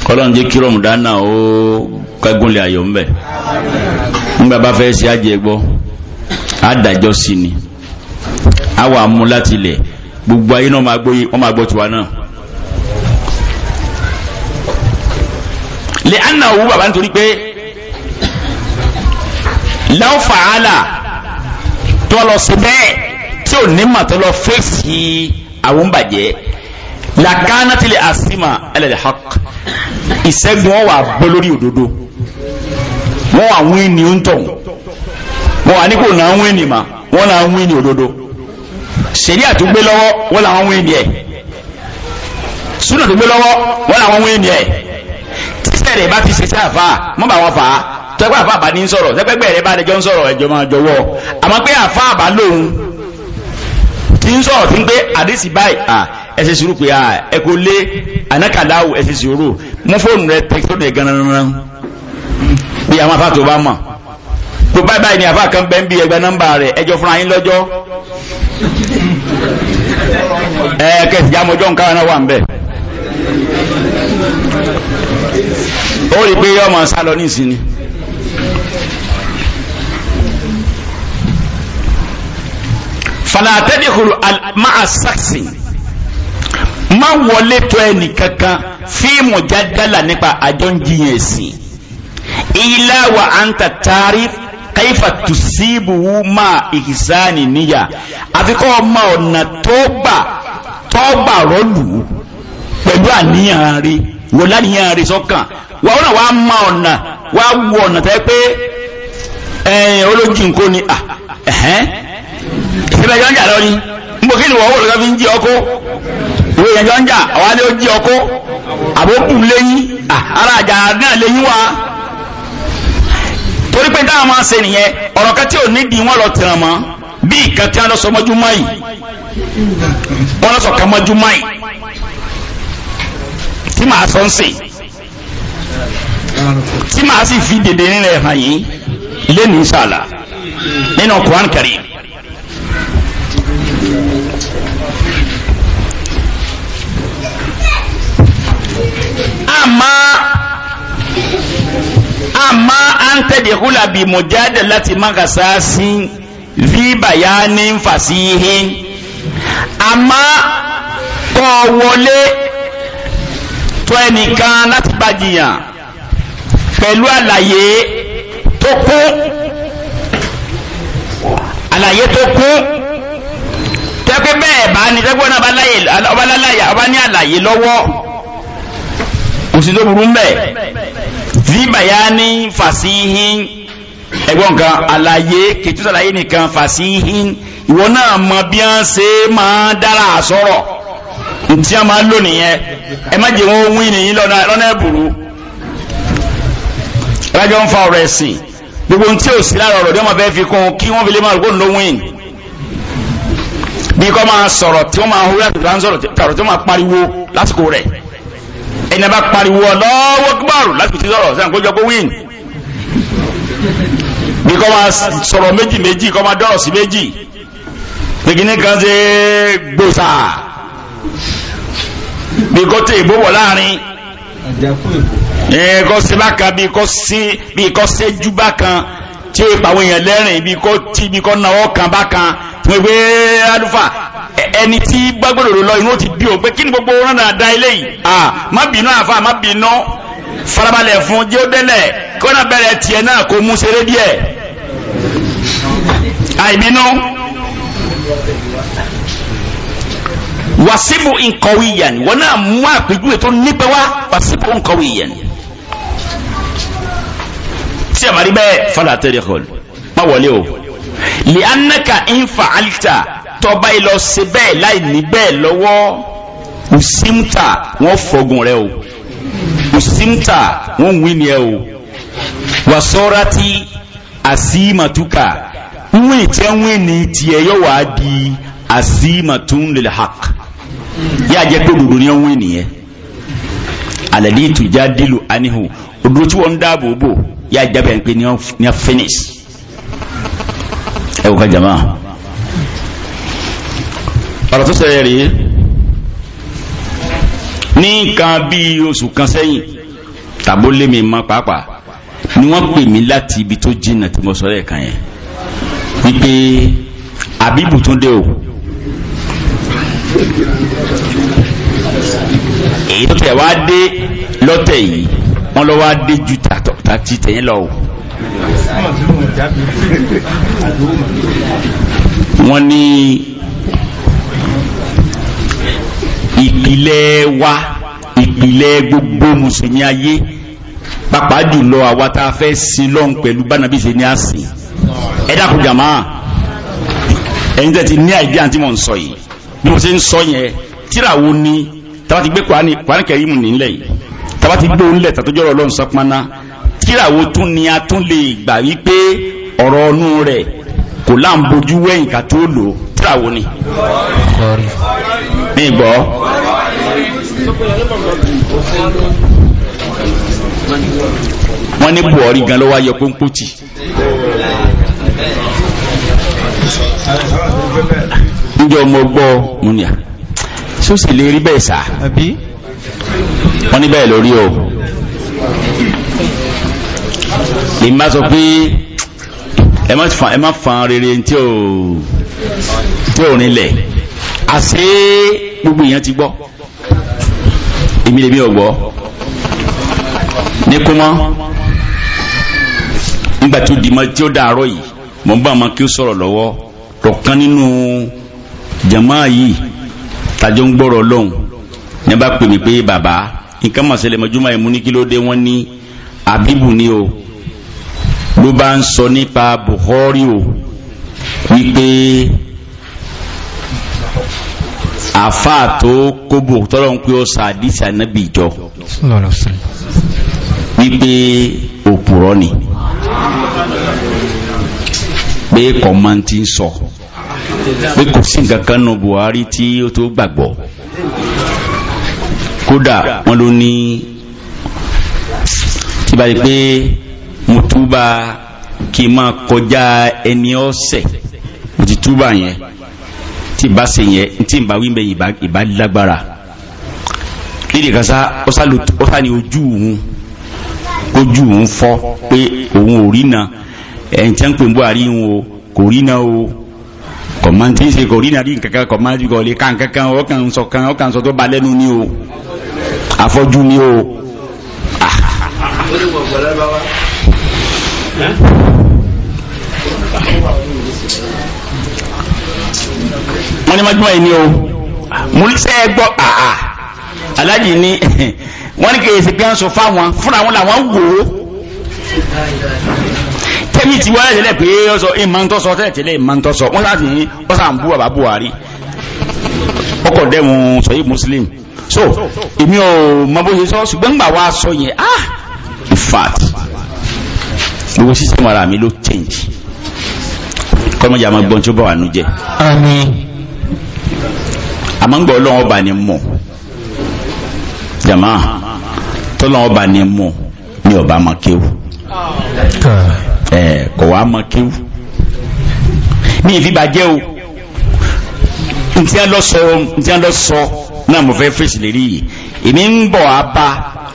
ọlọ́run jẹ́ kí rọ̀mù dáná ó kẹ́gúnlẹ̀ ayọ̀ ń bẹ̀ nígbà bá fẹ́ ṣe àjẹ́ gbọ́ àdàjọ́ sí ni a wà mú láti ilẹ̀ gbogbo ayé náà ma máa gbọ́ tiwa náà. lè anna owó bàbá nítorí pé láwọn fàálà tó lọ sí bẹ́ẹ̀ tí ò ní mà lọ fèsì àwọn bàjẹ́ ẹlẹ́dẹ̀ hàk. ìṣẹ́gun ọ̀wà bọ́ lórí òdodo wọ́n wà wí ní ń tọ̀ wọ́n wà ní kò náà wí ní mà wọ́n náà wí ní òdodo ṣèlú àtúgbé lọ́wọ́ wọ́n làwọn wí ní ẹ̀ súnà tó gbé lọ́wọ́ wọ́n làwọn wí ní ẹ̀ tíṣẹ́ rẹ̀ bá fi ṣe sí àfà mọ́ bá wọn fà á tẹ́gbẹ́ àfà bá ní ń sọ̀rọ̀ tẹ́gbẹ́gbẹ́ rẹ̀ bá rẹjọ́ ń sọ̀rọ̀ ẹ̀jọ̀ máa jọ̀wọ́ àmọ́ pé àfà bá lóhun tí ń sọ̀rọ̀ tí ń pé àdéṣì báyìí ẹ̀ṣẹ̀ sùúrù pé ẹ kò lé ànákàláwò ẹ̀ṣẹ̀ sùúrù mú fóònù rẹ tẹ̀sí lóde ganan bí àwọn afá tó bá mọ̀ tó báyìí báyìí ni afá kan bẹ́ẹ̀ ń bí ẹgbẹ́ nọ́mbà rẹ̀ ẹjọ́ fúnra yín lọ́jọ́ ẹ kẹsì jámọ́ ọjọ́ nǹkan náà wà ń bẹ̀ ó rí pé yọmọ sálọ ní ìsinmi. fala tadkhulu ma'a saksi Ma wọlé tọ ẹnì kankan fíìmù jádálà nípa àjọ ń jiyàn ẹ̀sìn ilá wa à ń ta taari kaifa tusibu ma ihsani níyà àfikọ́ ọmọ ọ̀nà tó gbà tó gbà rọ́lù pẹ̀lú àníyàn rí wọ́n láníyàn rí sọ́kàn wà ó náà wá ma ọ̀nà wá wo ọ̀nà tẹ́ pé ẹ̀yìn olójì nǹkó ni à ẹ̀hẹ́n ìfẹ́ ìjọ ń jà lọ ni mo kí ni wọ́n wọ́n lọ́gá fi ń jí ọkọ́ ìwé yẹn jọ ń jà àwa ni ó jí ọkọ àbókù léyìn ara àjà náà léyìn wá torí pé táwọn máa ń ṣe nìyẹn ọ̀rọ̀ kan tí ò ní di wọn lọ tìràn mọ́ bí nǹkan tí wọn lọ sọ mọ́júmọ́ yìí wọn lọ sọ kan mọ́júmọ́ yìí tí màá sọ ń sè tí màá sì fi dèdè nílẹ̀ hàn yìí lẹ́nu ìsàlà nínú Quran Karim. amma amma an tadkhula bi mujadalati magasasin fi bayanin fasihin amma kò wọlé tó ẹnìkan láti bá jiyàn pẹ̀lú àlàyé tó kún àlàyé tó kún tẹ́gbẹ́ bẹ́ẹ̀ bá ní tẹ́gbẹ́ náà ọba ní àlàyé lọ́wọ́ kò sí tó burú ń bẹ̀ fi bayani fasihin ẹgbọ́n kan àlàyé kìtú sàlàyé nìkan fasihin ìwọ náà mọ bí wọ́n ṣe máa dára sọ̀rọ̀ ntí a máa lò nìyẹn ẹ má jẹ́ wọn wí nìyí lọ́nà ẹ̀bùrú rájọ́ ń fa ọ̀rọ̀ ẹ̀sìn gbogbo ntí ò sí lára ọ̀rọ̀ ní ọmọ bẹ́ẹ̀ fi kún kí wọ́n fi lè máa rògbò ní lówìn bí kò máa sọ̀rọ̀ tí wọ́n máa húrẹ́ àtúntò à ń sọ̀rọ̀ tí wọ́n máa pariwo lásìkò rẹ̀ ẹni bá pariwo Allahu Akbar láti ti sọ̀rọ̀ sẹ́yìn kójọ kó win bí kọ́ máa sọ̀rọ̀ méjì méjì kọ́ máa dọ̀rọ̀ sí méjì pèkínní kan ṣe gbòòsà bí kọ́ tẹ ìbò wọ̀ láàrin kọ́ sí bákan bí kọ́ sí bí kọ́ séjú bákan tí ó èèyàn lẹ́rìn bí kọ́ tí bí kọ́ náwó kan bákan wọ́n gbé ẹni tí gbàgbọ́dọ̀ lọ inú ti bí o pé kí ni gbogbo rán dáadáa eléyìí à má bínú àfa má bínú farabalẹ̀ fún jẹ́ ó délẹ̀ kó náà bẹ̀rẹ̀ tiẹ̀ náà kó mú ṣeré díẹ̀ àìbínú wàsíbù nǹkọ̀wìyàn wọn náà mú àpèjúwe tó nípẹ́ wá wàsíbù nǹkọ̀wìyàn tí a bá rí bẹ́ẹ̀ fọlá tẹ́lẹ̀ kọ́ má wọlé o lè anaka ń fa alita tọba ilọ ṣe bẹ́ẹ̀ láì ní bẹ́ẹ̀ lọ́wọ́ òsímtà wọ́n fọgùn rẹ o òsímtà wọ́n wí ni ẹ o wàsọ́ra ti àsìmàtúkà wíì tí ń wí wá di àsìmàtún lil haq yíyá jẹ́ pé òdòdó ni ó ń alẹ́lí ìtùjá dìlù anihu òdòdó tí wọ́n ń dáàbò bò yíyá jábẹ́ ń pè ní finish ẹ̀ wò ká jama ọ̀rọ̀ tó ṣẹlẹ̀ rèé ní nǹkan bíi oṣù kan sẹ́yìn tàbó lé mi mọ́ pàápàá ni wọ́n pè mí láti ibi tó jìnnà tí mo sọ lẹ́ẹ̀kan yẹn wípé àbíbù tún dé o èyí tó tẹ̀ wá dé lọ́tẹ̀ yìí wọ́n lọ wá dé ju tàti tẹ̀yìn lọ o wọ́n ní ìpìlẹ̀ wa ìpìlẹ̀ gbogbo mùsùlùmí ayé pàápàá jùlọ àwa a fẹ́ sin lọ́n pẹ̀lú bánabí ṣe ní a sìn ẹ dákun jàmá ẹ̀yin tẹ́ ti ní àìdí àti mọ̀ ń sọ yìí bí mo ṣe ń sọ yẹn tíra wo ni tàbá ti gbé kwani kwani kẹrin mu nílẹ̀ yìí tàbá ti gbé òun lẹ̀ tàtọ́jọ́ ọlọ́run sọpọ́nà tíra wo tún ni a tún lè gbà wípé ọ̀rọ̀ ọ̀nù rẹ̀ kò láǹbojú wẹ̀yìn ká tó lò ó tíra wo ni. mi gbọ́. wọ́n ní buhari gan ló wá yọ pọ́npọ́tì. njẹ́ ọmọ gbọ́ múnia sósì lè rí bẹ́ẹ̀ sá wọ́n ní bẹ́ẹ̀ lórí o lè má sọ pé ẹ má fan ẹ má fan rere tí ò tí ò rinlẹ̀ àṣé gbogbo èèyàn ti gbọ́ èmi lèmi ò gbọ́ ní kúmọ́ nígbà tó di ma tí ó dàárọ̀ yìí mo bá ma kí ó sọ̀rọ̀ lọ́wọ́ lọ́kàn nínú jama yìí tajọ́ ń gbọ́rọ̀ lọ́hùn ní bá pè mí pé bàbá nǹkan màṣẹlẹ̀ mọ́júmọ́ ẹ̀ mú ní kí ló dé wọ́n ní àbíbù ni o ló bá ń sọ nípa Bukhari o wípé àfáà tó kóbò tọ́lọ̀ ń pé ó sa àdísì ànábì ìjọ wípé òpùrọ́ ni pé kọ̀mọ́ ti ń sọ pé kò sí nǹkan nù Buhari tí ó tó gbàgbọ́ kódà wọn ló ní tí bá rí pé Mutuba túbà kí n máa kọjá ẹni ọ̀sẹ̀ mo ti yẹn tí n bá yẹn tí n wí mẹ́ ìbá lágbára lílì kan sá ọ́sá ni ojú òun ojú òun fọ́ pé òun ò rí na ẹ̀yìn tí wọ́n pè ń bọ́ àrí wọn o kò rí na o kọ̀mántí ṣe kò rí na rí nǹkan kan kọ̀mántí lè ká nǹkan ọkàn sọ kan ọkàn sọ tó ba lẹ́nu ni o afọ́jú ni o. Ah wọ́n ní májúmọ́ yìí ni o mo ní gbọ́ àà aláàjì ni (laughs) wọ́n ní kèyèsí pé ń sọ fáwọn fúnra wọn làwọn wò ó tẹ́mi ti wáyé tẹ́lẹ̀ pé ó sọ ìmọ̀ ń tọ́sọ tẹ́lẹ̀ tẹ́lẹ̀ ìmọ̀ ń tọ́sọ wọ́n sáà ní ó sáà ń bú bàbá Buhari ọkọ̀ dẹ́hùn sọ yìí Muslim so èmi ò mọ bó ṣe sọ ṣùgbọ́n gbà wá sọ yẹn ah in fact gbogbo sísẹ́mù ara mi ló change kọ́mọ́jà máa gbọ́n tí ó bá wà nú jẹ́ àmín àmọ́ngbọ́ ọlọ́run ọba ni mọ̀ jàmá tọ́lọ́run ọba ni mọ̀ ní ọba mọ kéwù ẹ̀ kọ̀ wá mọ kéwù ní ìfibà jẹ́ o ntí a lọ sọ ntí a lọ sọ náà mo fẹ́ fèsì lérí yìí èmi ń bọ̀ abá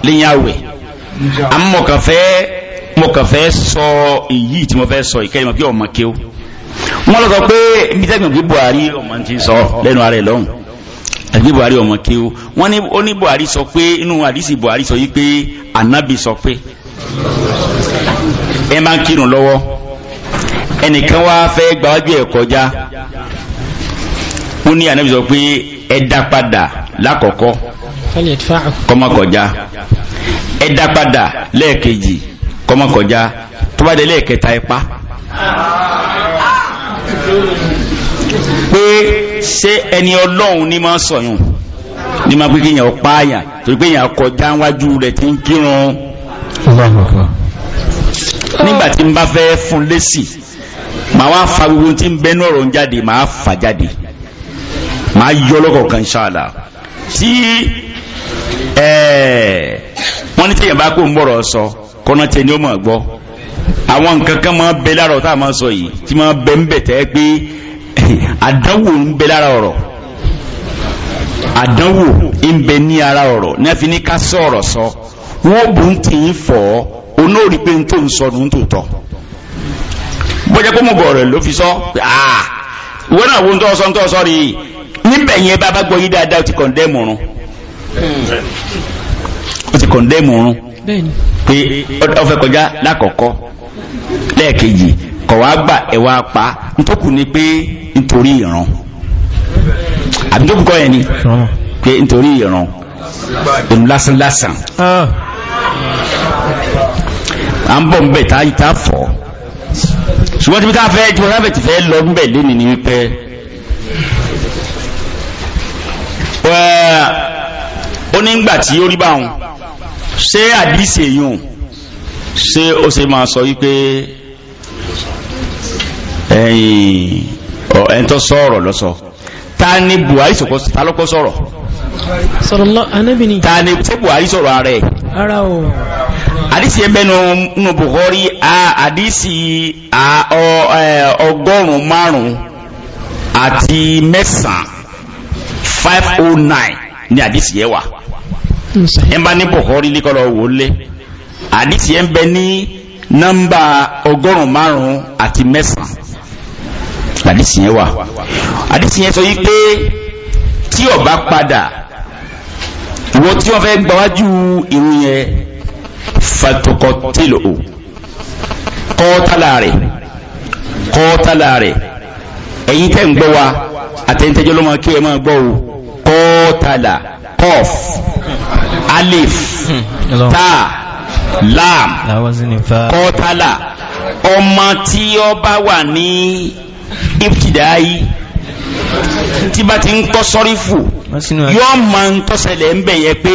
léyàwó àmọ́ kàn fẹ́ẹ́ mo kàn fẹ́ sọ èyí tí mo fẹ́ sọ ìkẹyìn mọ̀ kí ọmọ kí ó wọ́n lọ́kọ̀ pé ibi tẹ́gbọ̀n kí Buhari ọmọ ti sọ lẹ́nu ara ẹ̀ lọ́hùn àti Buhari ọmọ kí ó wọ́n ní ó ní Buhari sọ pé inú àdìsí Buhari sọ yí pé sọ pé ẹ máa ń kírun lọ́wọ́ ẹnìkan wá fẹ́ gbáwájú ẹ̀ kọjá ó ní Ànábì sọ pé ẹ dá padà lákọ̀ọ́kọ́ kọ́mọkọjá ẹ dá padà lẹ́ẹ̀kejì kọ́mọ kọjá tó bá délé ẹ̀kẹta ipa pé ṣé ẹni ọlọ́run ní máa sọ̀yún ní máa pé kí èèyàn pààyàn torí pé èèyàn kọjá wájú rẹ̀ ti ń kírun nígbà tí n bá fẹ́ fún lésì màá wá fa gbogbo tí ń bẹnu ọ̀rọ̀ ń jáde màá fà jáde màá yọ lọ́kọ̀ọ̀kan ṣáàlà tí wọ́n ní tí èèyàn bá kó ń bọ̀rọ̀ sọ. So kọ́nà tiẹ̀ ni ó mọ̀ gbọ́ àwọn nǹkan kan máa bẹ lára ọ̀tá máa sọ yìí tí máa bẹ ń bẹ̀ tẹ́ pé (laughs) àdánwò ń bẹ lára ọ̀rọ̀ àdánwò ń bẹ ní ara ọ̀rọ̀ ní a fi ní ká sọ ọ̀rọ̀ sọ wọ́n bù ń tì í fọ̀ onóòrí pé n tó ń sọ nù ń tòótọ́ bọ́jà kó mo bọ̀ rẹ̀ ló fi sọ ìwọ náà wo ń tọ́ sọ ń tọ́ sọ rí níbẹ̀ yẹn bá bá gbọ́ yí dáadáa ó ti kọ̀ndẹ́mù rún ó ti kọ̀ndẹ́mù rún pé ọfẹ́ kọjá lákọ̀ọ́kọ́ lẹ́ẹ̀kejì kọ̀wá gbà ẹ̀wà pa nítòkù ni pé nítorí ìran àbí tó kọ́ ẹ̀ ni pé nítorí ìran òun lásán lásán ah. à ń bọ̀ ń bẹ̀ tá a yìí ṣùgbọ́n tí mo fẹ́ tí fẹ́ lọ ń bẹ̀ lónìí ni wípé ó nígbà tí ó rí báwọn ṣé àdíṣe yùn ṣé ó ṣe máa sọ wípé ẹ̀yìn ẹni tó sọ̀rọ̀ lọ́sọ̀ ta ni buhari sọ̀kọ́ ta lọ́kọ́ sọ̀rọ̀ ta ni ṣé buhari sọ̀rọ̀ ara ara o àdíṣe ẹgbẹ́nu nù buhari àdíṣe ọgọ́rùn-ún márùn-ún àti mẹ́sàn-án 509 ni àdíṣe yẹ wà ẹ bá ní bọ̀kọ́rí líkọ́lọ́ wò lé àdìsí ẹ ń bẹ ní nọ́mbà ọgọ́rùn márùn àti mẹ́sàn àdìsí yẹn wà àdìsí yẹn sọ yí pé tí ó bá padà ìwọ tí wọ́n fẹ́ gbáwájú ìrun yẹn fatokọtìlò kọ́ọ́tàlà rẹ̀ kọ́ọ́tàlà rẹ̀ ẹ̀yin tẹ́ ń gbọ́ wa àtẹ̀yìntẹ́jọ́ ló máa kí ẹ máa gbọ́ o kọ́ọ́tàlà kọ́ọ̀fù alif hmm. ta lam kọtala ọmọ tí ó bá wà ní ibtidayi tí bá ti ń kọ́ sọ́rífù yóò ma ń tọ́sẹ̀lẹ̀ ń bẹ̀yẹ pé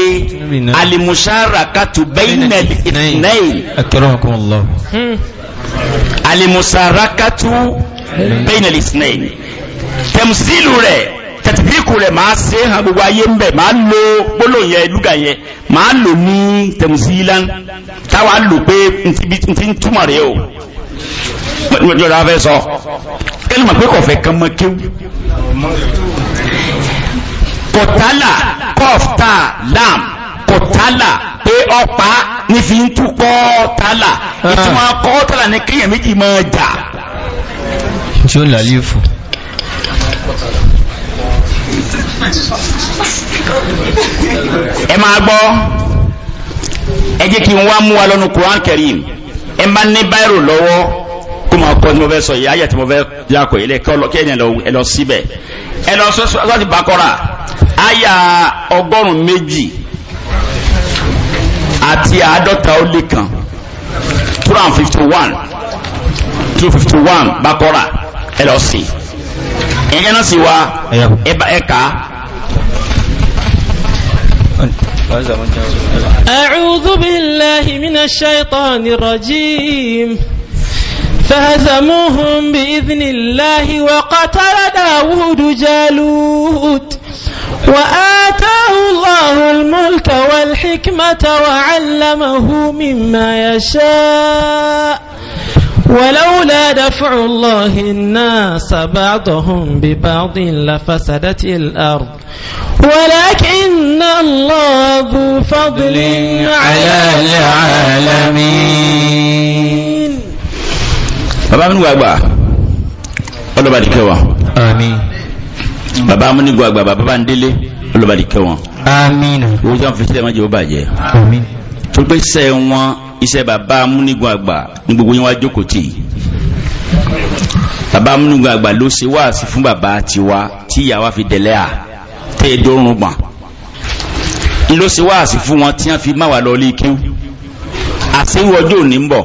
alimusarakatu bainal ithnain akramakumullah hmm. alimusarakatu bainal ithnain tẹ̀msílù rẹ̀ tẹ̀tìfíkù rẹ̀ máa ṣe hàn gbogbo ayé ń bẹ̀ máa lo gbólò yẹn lúgà yẹn máa lò ní tẹ̀mùsílán táwa lò pé ntí ń túmọ̀ rẹ̀ o jọra fẹ́ sọ kẹ́lí mọ̀ pé kọ̀fẹ́ kan mọ́ kíw kọ̀tálà kọ̀ftà lam kọ̀tálà pé ọ̀pá ní fi ń tú kọ́ọ̀tálà ah. ìtumọ̀ kọ́ọ̀tálà ní kéèyàn méjì máa jà. tí ó lálẹ́ fún ẹ máa gbọ́ ẹ jẹ́ kí n wá mú wa lọ́nu Quran Karim ẹ máa ní báírò lọ́wọ́ kó máa kọ́ tí mo fẹ́ sọ yìí ayé tí mo fẹ́ yàkọ̀ ilé kí ẹ̀yìn ẹ lọ síbẹ̀ ẹ lọ sọ́ọ́sì Bakora àyà ọgọ́rùn-ún méjì àti àádọ́ta ó lé kan two hundred and fifty one two fifty one Bakora ẹ lọ sí i. náà sì wá ẹ̀ka. أعوذ بالله من الشيطان الرجيم فهزموهم بإذن الله وقتل داود جالوت وآتاه الله الملك والحكمة وعلمه مما يشاء ولولا دفع الله الناس بعضهم ببعض لفسدت الأرض ولكن الله ذو فضل على العالمين bàbá mi ní gbàgbà ọlọ́ba di kẹwọn. àmín. bàbá mi ní gbàgbà bàbá bá ń délé ọlọ́ba di kẹwọn. àmín. owó tí wọ́n fi sílẹ̀ máa jẹ́ ó bàjẹ́. àmín tó pé sẹ́ wọn iṣẹ́ bàbá amúnigun àgbà ní gbogbo yín wá jókòó tì í bàbá amúnigun àgbà ló ṣe wáàsí fún bàbá tiwa tí ìyá wa fi dẹ̀lẹ́ à tẹ́ ẹ dórun gbọ̀n ló ṣe wáàsí fún wọn tí wọ́n fi má wà lọ ilé kíw àṣewọ́jọ́ ò ní bọ̀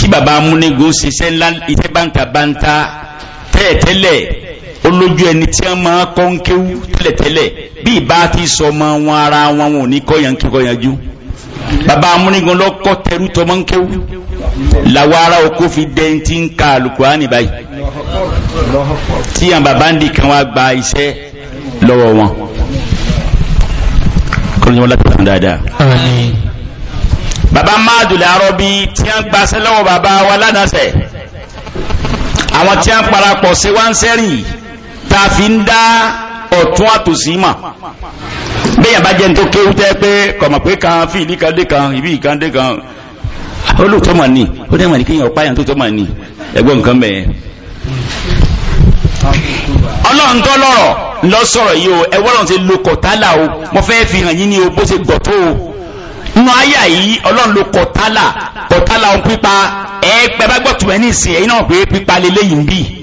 kí bàbá amúnigun ṣiṣẹ́ ńlá iṣẹ́ báńtà báńtà tẹ́ẹ̀tẹ́lẹ̀ ó lójú ẹni tí wọ́n máa kọ́ ń kéwú tẹ́lẹ̀tẹ́lẹ̀ bí ìbá ti sọ ọmọ wọn ara wọn wọn ò ní kọ́ yàn kíkọ́ yanjú bàbá amúnigun lọ́kọ́ tẹrú tọmọ ń kéwú làwọn ará oko fi dẹ́yìn tí ń ka àlùkùránì báyìí tí àwọn bàbá ń di kan wá gba iṣẹ́ lọ́wọ́ wọn kọ́ni wọn láti tàn dáadáa. bàbá máàdù làárọ̀ bíi tí wọ́n gbaṣẹ́ lọ́wọ́ bàbá wa lánàá sẹ̀ àwọn tí wọ́n parapọ̀ sí wá yìí tá a fi ń dá ọ̀tún àtòsí mà bẹ́yàn bá jẹ́ tó kéwú tẹ́ pé kọ̀mọ̀ pé kan fi ìdí kan dé kan ibi ìkan dé kan olóòótọ́ mà ní ó mà ní kéèyàn ọ̀pá yàn tó tọ́ mà ní ẹgbọ́n nǹkan bẹ́ẹ̀. ọlọ́run tó lọ́rọ̀ lọ sọ̀rọ̀ yìí o ẹwọ́rọ̀ ti lo kọ̀tálà o mo fẹ́ fi hàn yín ní o bó ṣe gbọ̀ tó o nínú àyà yìí ọlọ́run ló kọ̀tálà kọ̀tálà ohun pípa ẹ̀ẹ́pẹ́ bá gbọ̀tùmẹ́ ní ìsìn ẹ̀yìn náà pé pípa lélẹ́yìn bíi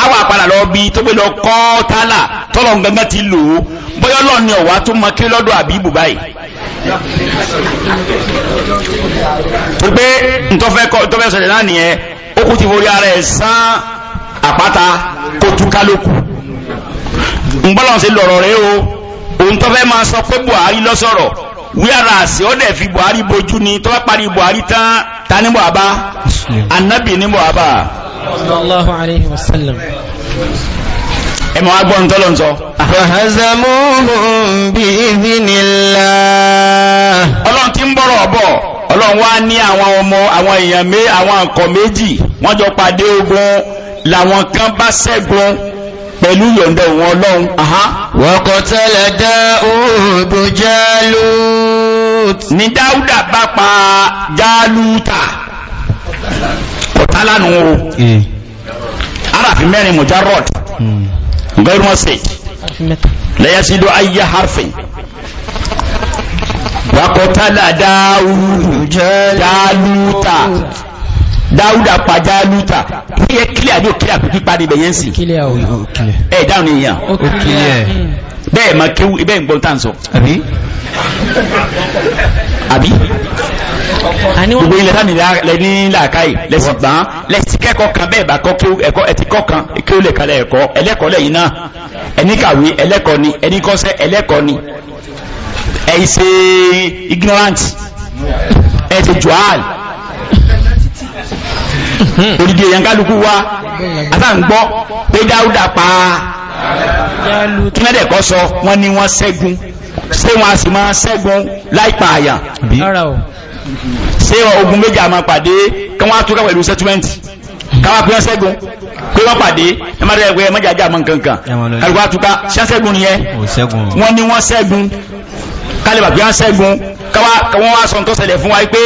àwa àpàdà lọ bí tó gbé lọ kọ́ tálà tọ́lọ̀ gangan ti lò ó bóyá ọlọ́run ni ọ̀wá tó mọ kí lọ́dọ̀ àbíbù báyìí. tó gbé ntọ́fẹ́ tọ́fẹ́ sọ̀rọ̀ náà nìyẹn ó kú ti forí ara ẹ̀ sán àpáta kó tú kálókù ńgbọ́lọ́sẹ̀ lọ̀rọ̀ rẹ o òun tọ́fẹ́ máa sọ pé Buhari lọ́sọ̀rọ̀ whereas ó dẹ̀ fi buhari bojú ni tó buhari tán ta ní bọ̀hábá annabi ní bọ̀hábá sallallahu agbọ́n tọ́lọ̀ ń sọ fahazamuhum tí ń bọ̀rọ̀ ọ̀bọ̀ wá ní àwọn ọmọ àwọn èèyàn mé àwọn méjì ogun làwọn kan bá pẹ̀lú dá ní dáúdà bá pa jálúta ọ̀tálánú o hmm. aráàfin mẹ́rin mujarrad gairu mistake lẹ́yẹsídó ayé harfin wakọ̀tálà jálúta dáúdà pa jálúta kí yẹ kílẹ̀ àbí òkílẹ̀ àbí pípa níbẹ̀ yẹn sí ẹ̀ dáhùn ní ìyàn bẹ́ẹ̀ ma kéwú ibẹ̀ ń gbọ́n tá à ń sọ. àbí. àbí. gbogbo ilẹ̀ sáà nílá lẹ́ní làákàyè lẹ́sìn gbọ́n lẹ́sìn kẹ́kọ̀ọ́ kan bẹ́ẹ̀ bá kọ́ kéwú ẹ̀kọ́ ẹ̀tì kọ́ kan kéwú lè kalẹ̀ ẹ̀kọ́ ẹlẹ́kọ̀ọ́ lẹ́yìn náà ẹni kàwé ẹlẹ́kọ̀ọ́ ni ẹni kọ́ṣẹ́ ẹlẹ́kọ̀ọ́ ni ẹ̀yìn ṣe ignorant ẹ̀ ṣe jùál hmm. orídìí èèyàn kálukú wa àtàǹgbọ́ pé dáúdà pa á mẹ́rẹ̀kọ́ sọ wọ́n ní wọ́n ṣẹ́gun ṣé wọ́n a sì máa ṣẹ́gun láìpa àyà bí ṣé ogun méjì a máa pàdé kí wọ́n á túká pẹ̀lú settlement káwá pé wọ́n ṣẹ́gun pé wọ́n pàdé ẹ má dẹ́rẹ́ pé ẹ má jàjà mọ́ nǹkan kan kálukú àtúká ṣẹ́gun wọ́n ní wọ́n ṣẹ́gun kálíbà bí wọ́n ṣẹ́gun káwọn wá sọ tó ṣẹlẹ̀ fún wa pé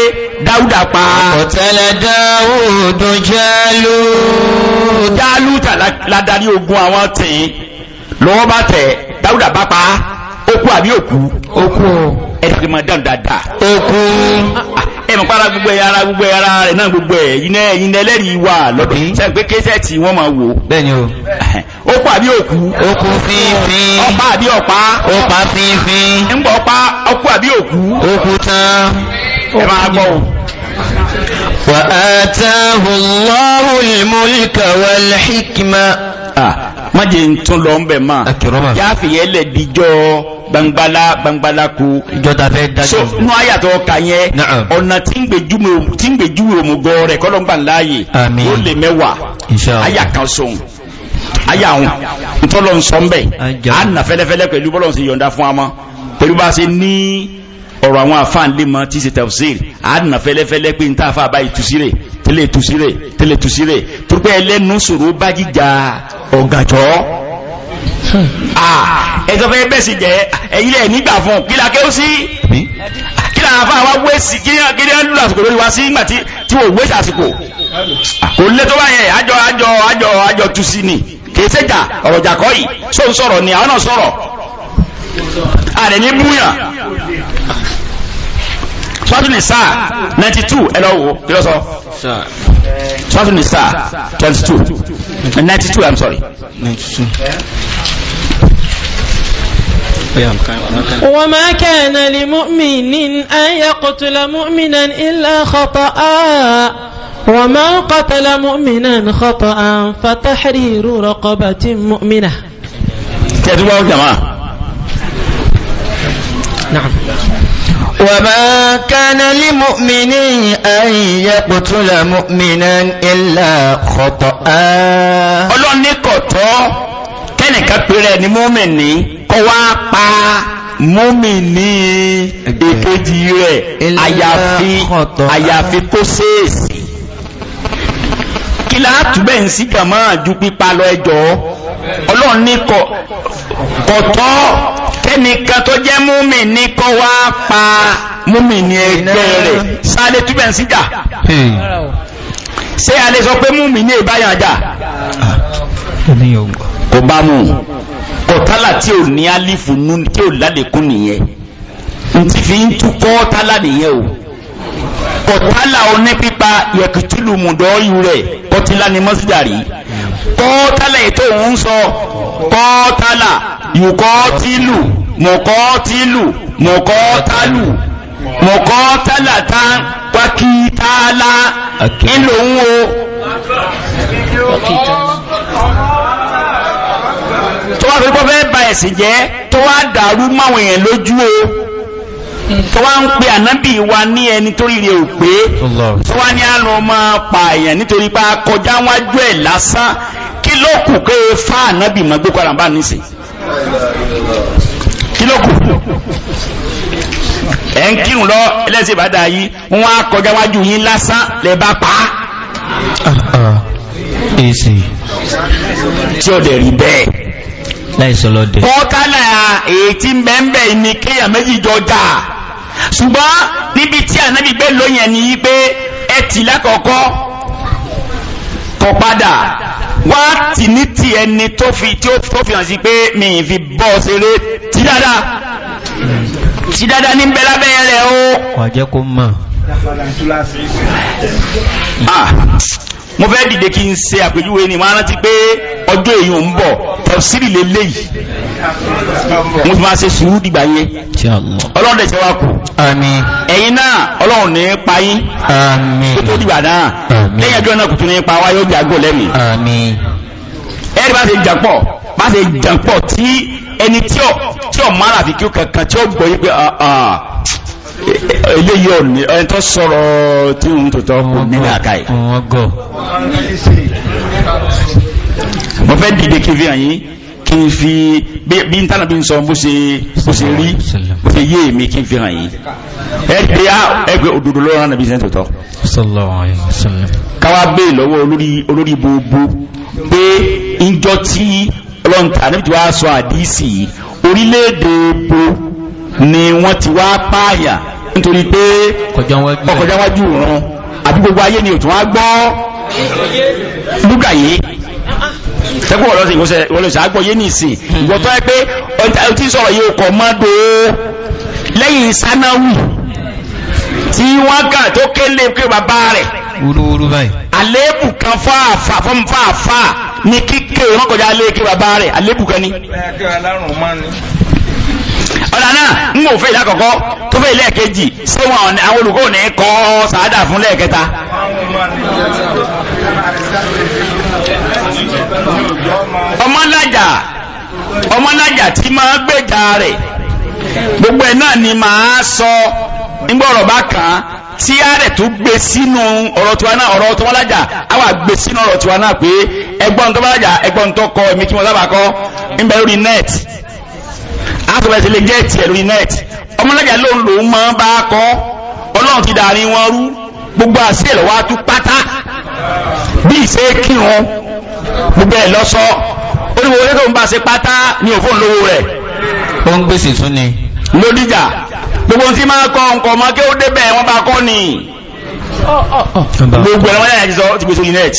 dáúdà pa ọ̀tẹ́lẹ̀ dáúdù jálù jálù tà ládarí ogun àwọn tìyìn lọ́wọ́ bá tẹ̀ dáúdà bá pa okú àbí òkú okú ẹ̀dùnkì máa dáhùn dáadáa okú ah, ẹ̀mí para gbogbo ẹ̀yà ara gbogbo ẹ̀yà ara rẹ̀ náà gbogbo ẹ̀ yìí náà ẹlẹ́rìí wà lọ́dọ̀ sẹ́yìn pé wọ́n máa wò bẹ́ẹ̀ni o okú àbí òkú okú ọ̀pá àbí ọ̀pá ọ̀pá ńgbọ̀ ọ̀pá okú àbí òkú okú tán ẹ máa gbọ́ o. májè ń tún lọ ń bẹ̀ mọ́ yáàfìyẹ́ lẹ̀ díjọ́ gbangbala gbangbala kú ìjọta fẹ́ dájọ́ so nú àyàtọ̀ ọkà yẹn ọ̀nà tí ń gbèjúwe òmùgọ̀ rẹ̀ kọ́lọ́ngbà láàyè ó lè mẹ́wàá àyà kan sóhun àyà àwọn ntọ́lọ́ ń sọ ń bẹ̀ à nà fẹ́lẹ́fẹ́lẹ́ pẹ̀lú bọ́lọ́ yọ̀ǹda fún wa mọ́ pẹ̀lú bá a ṣe ní ọ̀rọ̀ àwọn àfáà lè mọ tí ṣe tafsir àdùnà fẹ́lẹ́fẹ́lẹ́ pé níta àfáà báyìí túsírè tẹ́lẹ̀ túsírè tẹ́lẹ̀ túsírè torípé ẹlẹ́nu sòrò bá jíjà ọ̀gàjọ́ ẹjọ́ fẹ́ bẹ́ẹ̀ sì jẹ́ ẹ̀yìn lẹ̀ nígbà fún kílà kéwú sí kílà àfáà wá wé sí kílà ń lù àsìkò lórí wa sí nígbà tí wò wé sàsìkò kò lé tó bá yẹn àjọ àjọ àjọ àjọ tú sí ni kìí sẹ́jà ọ̀rọ̀jà kọ́ ni àwọn náà sọ̀rọ̀ àrẹ̀ ní sọ́tún ní sáà 92 ẹ̀lọ́ wo kí ló sọ sọ́tún ní sáà 22 92 i'm sorry 92 وما كان لمؤمن أن يقتل مؤمنا إلا خطأ وما قتل مؤمنا خطأ فتحرير رقبة مؤمنة تدوى جماعة نعم وما كان لمؤمن أن يقتل مؤمنا إلا خطأ ọlọ́run ní kò tọ́ kẹ́nìkan péré ni mọ́mìnì kó wá pa mọ́mìnì èkejì rẹ̀ àyàfi àyàfi kó ṣèèṣì kí láà túbẹ̀ ń sí kàmáà ju pípa lọ ẹjọ́ ọlọ́run ní kò tọ́ kẹ́nìkan tó jẹ́ múmi ní kọ́ wá pa múmi ní ẹgbẹ́ rẹ̀ sáàlẹ̀ túbẹ̀ ń síjà ṣé a lè sọ pé múmi ní ìbáyàn àjà kò bá mú kọ̀tálà tí ò ní alifu nun tí ò lálẹ́kún nìyẹn n ti fi ń tú kọ́tálà nìyẹn o kọ̀tálà onípípa yẹ̀kìtìlùmùdọ́ yìí rẹ̀ kọ́tílá ni mọ́sídà kọ́tàlà ètò òun sọ kọ́tàlà yùkọ́tìlù mọ̀kọ́tìlù mọ̀kọ́tàlù mọ̀kọ́tàlà tá wákìtàlà nílò ń o tó wá fi gbọ́ fẹ́ ba ẹ̀sìn jẹ́ tó wá dàrú máwọn èèyàn lójú o tó wá ń pe ànábì wa ní ẹni tó rí rẹ̀ ò pé tó wá ní àrùn ọmọ pààyàn nítorí pé a kọjá wájú ẹ̀ lásán kí ló kù pé fá ànábì mọ́ gbé kwara bá nísìn kí ló kù ẹ̀ ń kírun lọ ẹlẹ́sìn ìbàdà yìí wọ́n á kọjá wájú yín lásán lẹ́ bá pa á ah, ah, tí ọ̀dẹ̀ rí bẹ́ẹ̀ láìsọ̀lọ́dẹ̀ kọ́kálà èyí tí mẹ́m̀bẹ̀ ní kíyà méjì jọ dáa ṣùgbọ́n níbi tí ànábì gbé lóyìn ẹni yí pé ẹ tì lákọ̀ọ́kọ́ kọ̀ padà wá tì ní ti ẹni tó fi hàn sí pé mi ì fi bọ́ ọ ṣeré tí dáadáa tí dáadáa ní bẹ́ẹ̀ o. wàá jẹ́ kó mọ̀. Ah mo fẹ́ dìde kí n ṣe àpèjúwe ni mo rántí pé ọjọ́ èyí ò ń bọ̀ tafsiri lélẹ́yìí mo fi máa ṣe sùúrù dìgbà yẹn ọlọ́run dẹ̀ ṣe wá kù àmín ẹ̀yin náà ọlọ́run ní pa yín àmín tó tó dìgbà náà lẹ́yìn ọjọ́ náà kò tún ní pa wáyé ó bí àgọ́ ẹ̀rí bá ṣe jàpọ̀ bá ṣe jàpọ̀ tí ẹni tí ọ̀ tí fi kí ó kankan tí ó gbọ́ yí pé ah, ah, eléyìí ọ̀nì ẹni tó sọ̀rọ̀ tí ń tòótọ́ kò ní àkáì mo fẹ́ dìde kí n fi hàn yín kí n fi bí n tánà bí n sọ bó ṣe bó ṣe rí bó ṣe yé mi kí n fi hàn yín ẹgbẹ́ yá ẹgbẹ́ òdodo lọ́wọ́ náà bí sẹ́ni tòótọ́ káwá bẹ́ẹ̀ lọ́wọ́ olórí gbogbo pé ìjọ tí ọlọ́ntà níbi tí wàá sọ àdìsí orílẹ̀-èdè gbogbo ni wọ́n ti wá pààyàn nítorí pé ọkọ̀jáwájú rán àbí gbogbo ayé ni òtún wá gbọ́ lúgà yìí tẹ́kọ̀ ọ̀lọ́sẹ̀ ìwọ̀lọ́sẹ̀ àgbọ̀yé ní ìsìn hmm. ìgbọ̀tọ́ ẹ pé ọtí sọ̀rọ̀ yìí kọ̀ mọ́ do lẹ́yìn sanáwì tí wọ́n kà tó kélé pé bàbá rẹ̀ wúrúwúrú báyìí àlébù kan fáàfà fún fáàfà ní kíkè wọ́n lé pé bàbá rẹ̀ àlébù kan ní. ọ̀dà náà ń wò fẹ́ ìdákọ̀ọ́kọ́ tó fẹ́ lẹ́ẹ̀kejì ṣé wọn àwọn olùkọ́ ní kọ́ sàádà fún lẹ́ẹ̀kẹta ọmọlájà ọmọlájà tí máa gbèjà rẹ̀ gbogbo ẹ̀ náà ni màá sọ nígbọ̀rọ̀ bá kàn án tí a rẹ̀ tó gbé sínú ọ̀rọ̀ tiwa náà ọ̀rọ̀ tó wà gbé sínú ọ̀rọ̀ tiwa net àtọ̀bẹ̀sẹ̀ lè jẹ́ tiẹ̀ lórí net ọmọlájà lóun lòun máa bá kọ́ ọlọ́run ti dàrin wọn rú gbogbo àṣẹ ìlọ́wọ́ atú pátá bí ìṣe kírun gbogbo ẹ̀ lọ́sọ́ oníwo orí tóun bá ṣe pátá ní òfóun lówó rẹ̀. ó ń gbèsè tún ni. lódìjà gbogbo ohun tí máa kọ nǹkan ọmọ kí ó débẹ̀ wọ́n bá kọ́ ni gbogbo ẹ̀rọ wáyà ìjọ ti gbèsè unit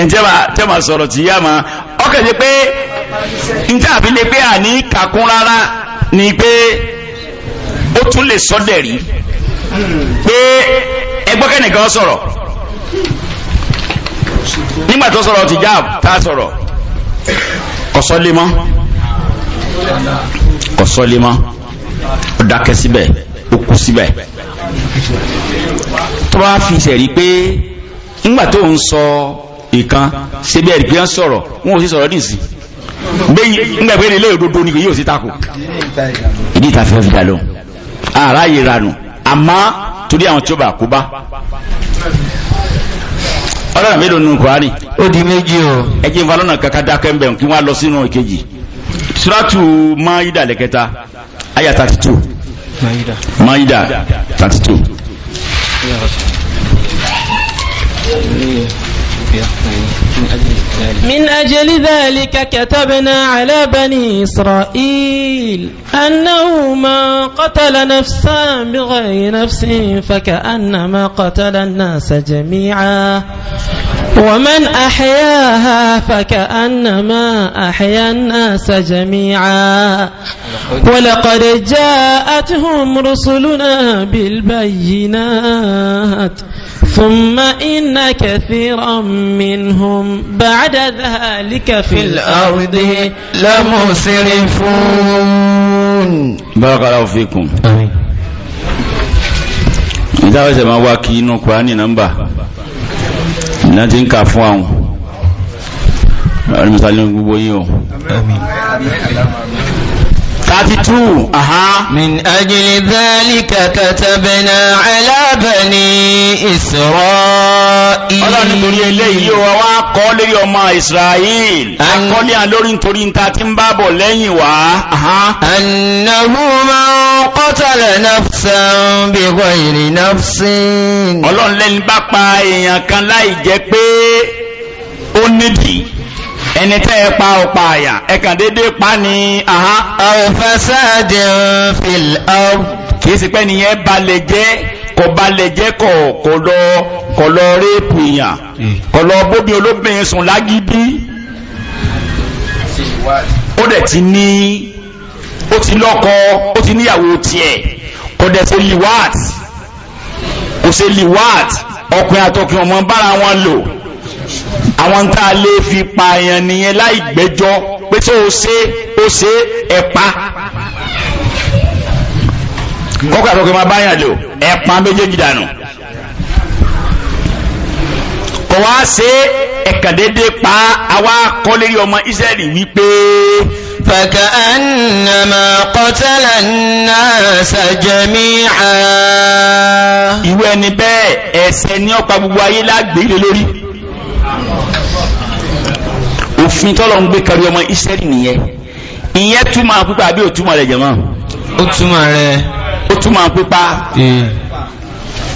ẹ̀ntẹ́ ma sọ̀rọ̀ tí yá ma ọkẹ̀ jẹ́ pé n tí àfi lè pé à ní kàkún rárá ni pé ó tún lè sọ́dẹ̀ rí pé ẹgbọ́kẹ́nìkan sọ̀rọ̀ nígbà tó sọ̀rọ̀ ti jáàb tá a sọ̀rọ̀ kọ̀sọ́lémọ́ kọ̀sọ́lémọ́ ó dákẹ́ síbẹ̀ ó kú síbẹ̀ tó bá fi sẹ̀rí pé ńgbà ń sọ ìkan ṣe bí ẹ̀rí pé ń sọ̀rọ̀ wọn ò sí sọ̀rọ̀ nìsí bẹ́yìn ńgbà ilé òdodo ni yíò sí tako ìdí fi ara yìí ranù àmọ́ torí àwọn tí ó bá kú bá mélòó di méjì o ń kankan dákẹ́ ń kí wọ́n lọ sínú ìkejì Maida 32. من أجل ذلك كتبنا على بني إسرائيل أنه من قتل نفسا بغير نفس فكأنما قتل الناس جميعا ومن أحياها فكأنما أحيا الناس جميعا ولقد جاءتهم رسلنا بالبينات ثم إن كثيرا منهم بعد ذلك في الأرض لمسرفون بارك الله فيكم آمين ìdáwọ̀ ìṣẹ̀mà wá kí inú kùránì nọ́mbà náà ti ń kà fún àwọn ọ̀rẹ́mìsàlẹ̀ gbogbo yíò 32 aha min ajli dhalika katabna ala bani isra'il Ọlọ́run nítorí eléyìí ó wá kọ lórí ọmọ Israel akọni alórí nítorí níta tí ń bá bọ̀ lẹ́yìn wá annahu man qatala nafsan bi ghayri nafsin Ọlọ́run lẹ́ni bá pa èèyàn kan láì jẹ́ pé ó nídìí ẹni tẹ́ ẹ pa ọpa àyà ẹkàn dédé pa ní àhá ọ̀fẹ́sẹ́dẹ̀ fìl ọ̀rù kìí sí pé nìyẹn balẹ̀ jẹ́ kò balẹ̀ jẹ́ kọ̀ kọ̀ lọ réèpù èèyàn kọ̀ lọ bóbi olóbìnrin sùn lágídí ó dẹ̀ ti ní ó ti lọ́kọ ó ti níyàwó tiẹ̀ kò dẹ̀ ṣe liwaat kò ṣe liwaat ọkùnrin àtọkùnrin ọmọ bára wọn lò àwọn tá a lè fi pààyàn nìyẹn láì gbẹ́jọ́ pé tó o ṣe o ṣe ẹ̀pa kọ́kọ́ àtọ́kọ́ máa báyàn lò ẹ̀pa méjèèjì dànù kò wá ṣe ẹ̀kàdédé pa àwa kọ́lérí ọmọ Israẹli wípé. فكأنما قتل الناس جميعا ìwé ẹni bẹ́ẹ̀ ẹ̀ṣẹ̀ ni ó pa gbogbo ayé lágbèé òfin tọ́lọ̀ ń gbé kari ọmọ Ísírẹ́lì nìyẹn ìyẹn túmọ̀ pípa àbí òtúmọ̀ rẹ̀ jẹ̀mọ́. ó túmọ̀ rẹ̀. ó túmọ̀ pípa.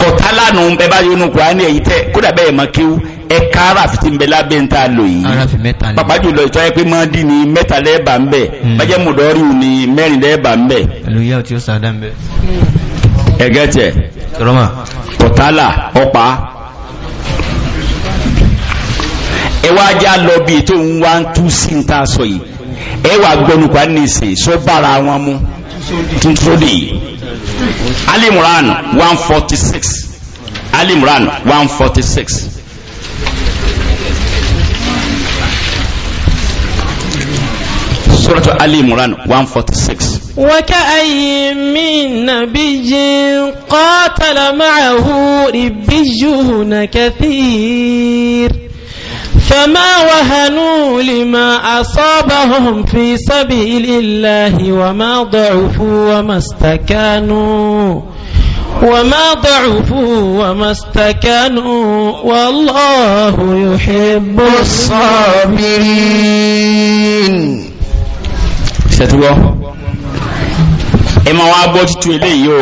kọ̀tálànù ẹ bá yọnu kùránì èyí tẹ kódà bẹ́ẹ̀ mọ kíw ẹ ká aráàfin ti lábẹ́ ń tà lò yìí. ni. pàpà jùlọ ìtọ́ yẹ pé máa dín ní mẹ́ta lẹ́ẹ̀bà ń bẹ̀ hmm. bàjẹ́ mùdọ́rì ní mẹ́rin lẹ́ẹ̀bà ń bẹ̀. àlùyá tí ó sàdá ń bẹ̀. ẹ̀gẹ́ tẹ̀. kọ̀tálà ẹwà ajá lọ bí ètò òun wá ń tú sí ń ta sọ yìí ẹwà gbọnùkwá nìsín sọ bára wọn mú tuntun alimuran 146 alimuran 146 suratu alimuran 146 وكأي من نبي قاتل معه ربيون كثير كما وهنوا لما أصابهم في سبيل الله وما ضعفوا وما استكانوا وما ضعفوا وما استكانوا والله يحب الصابرين ṣẹ̀túgbọ́ ẹ ma wá gbọ́ títú eléyìí o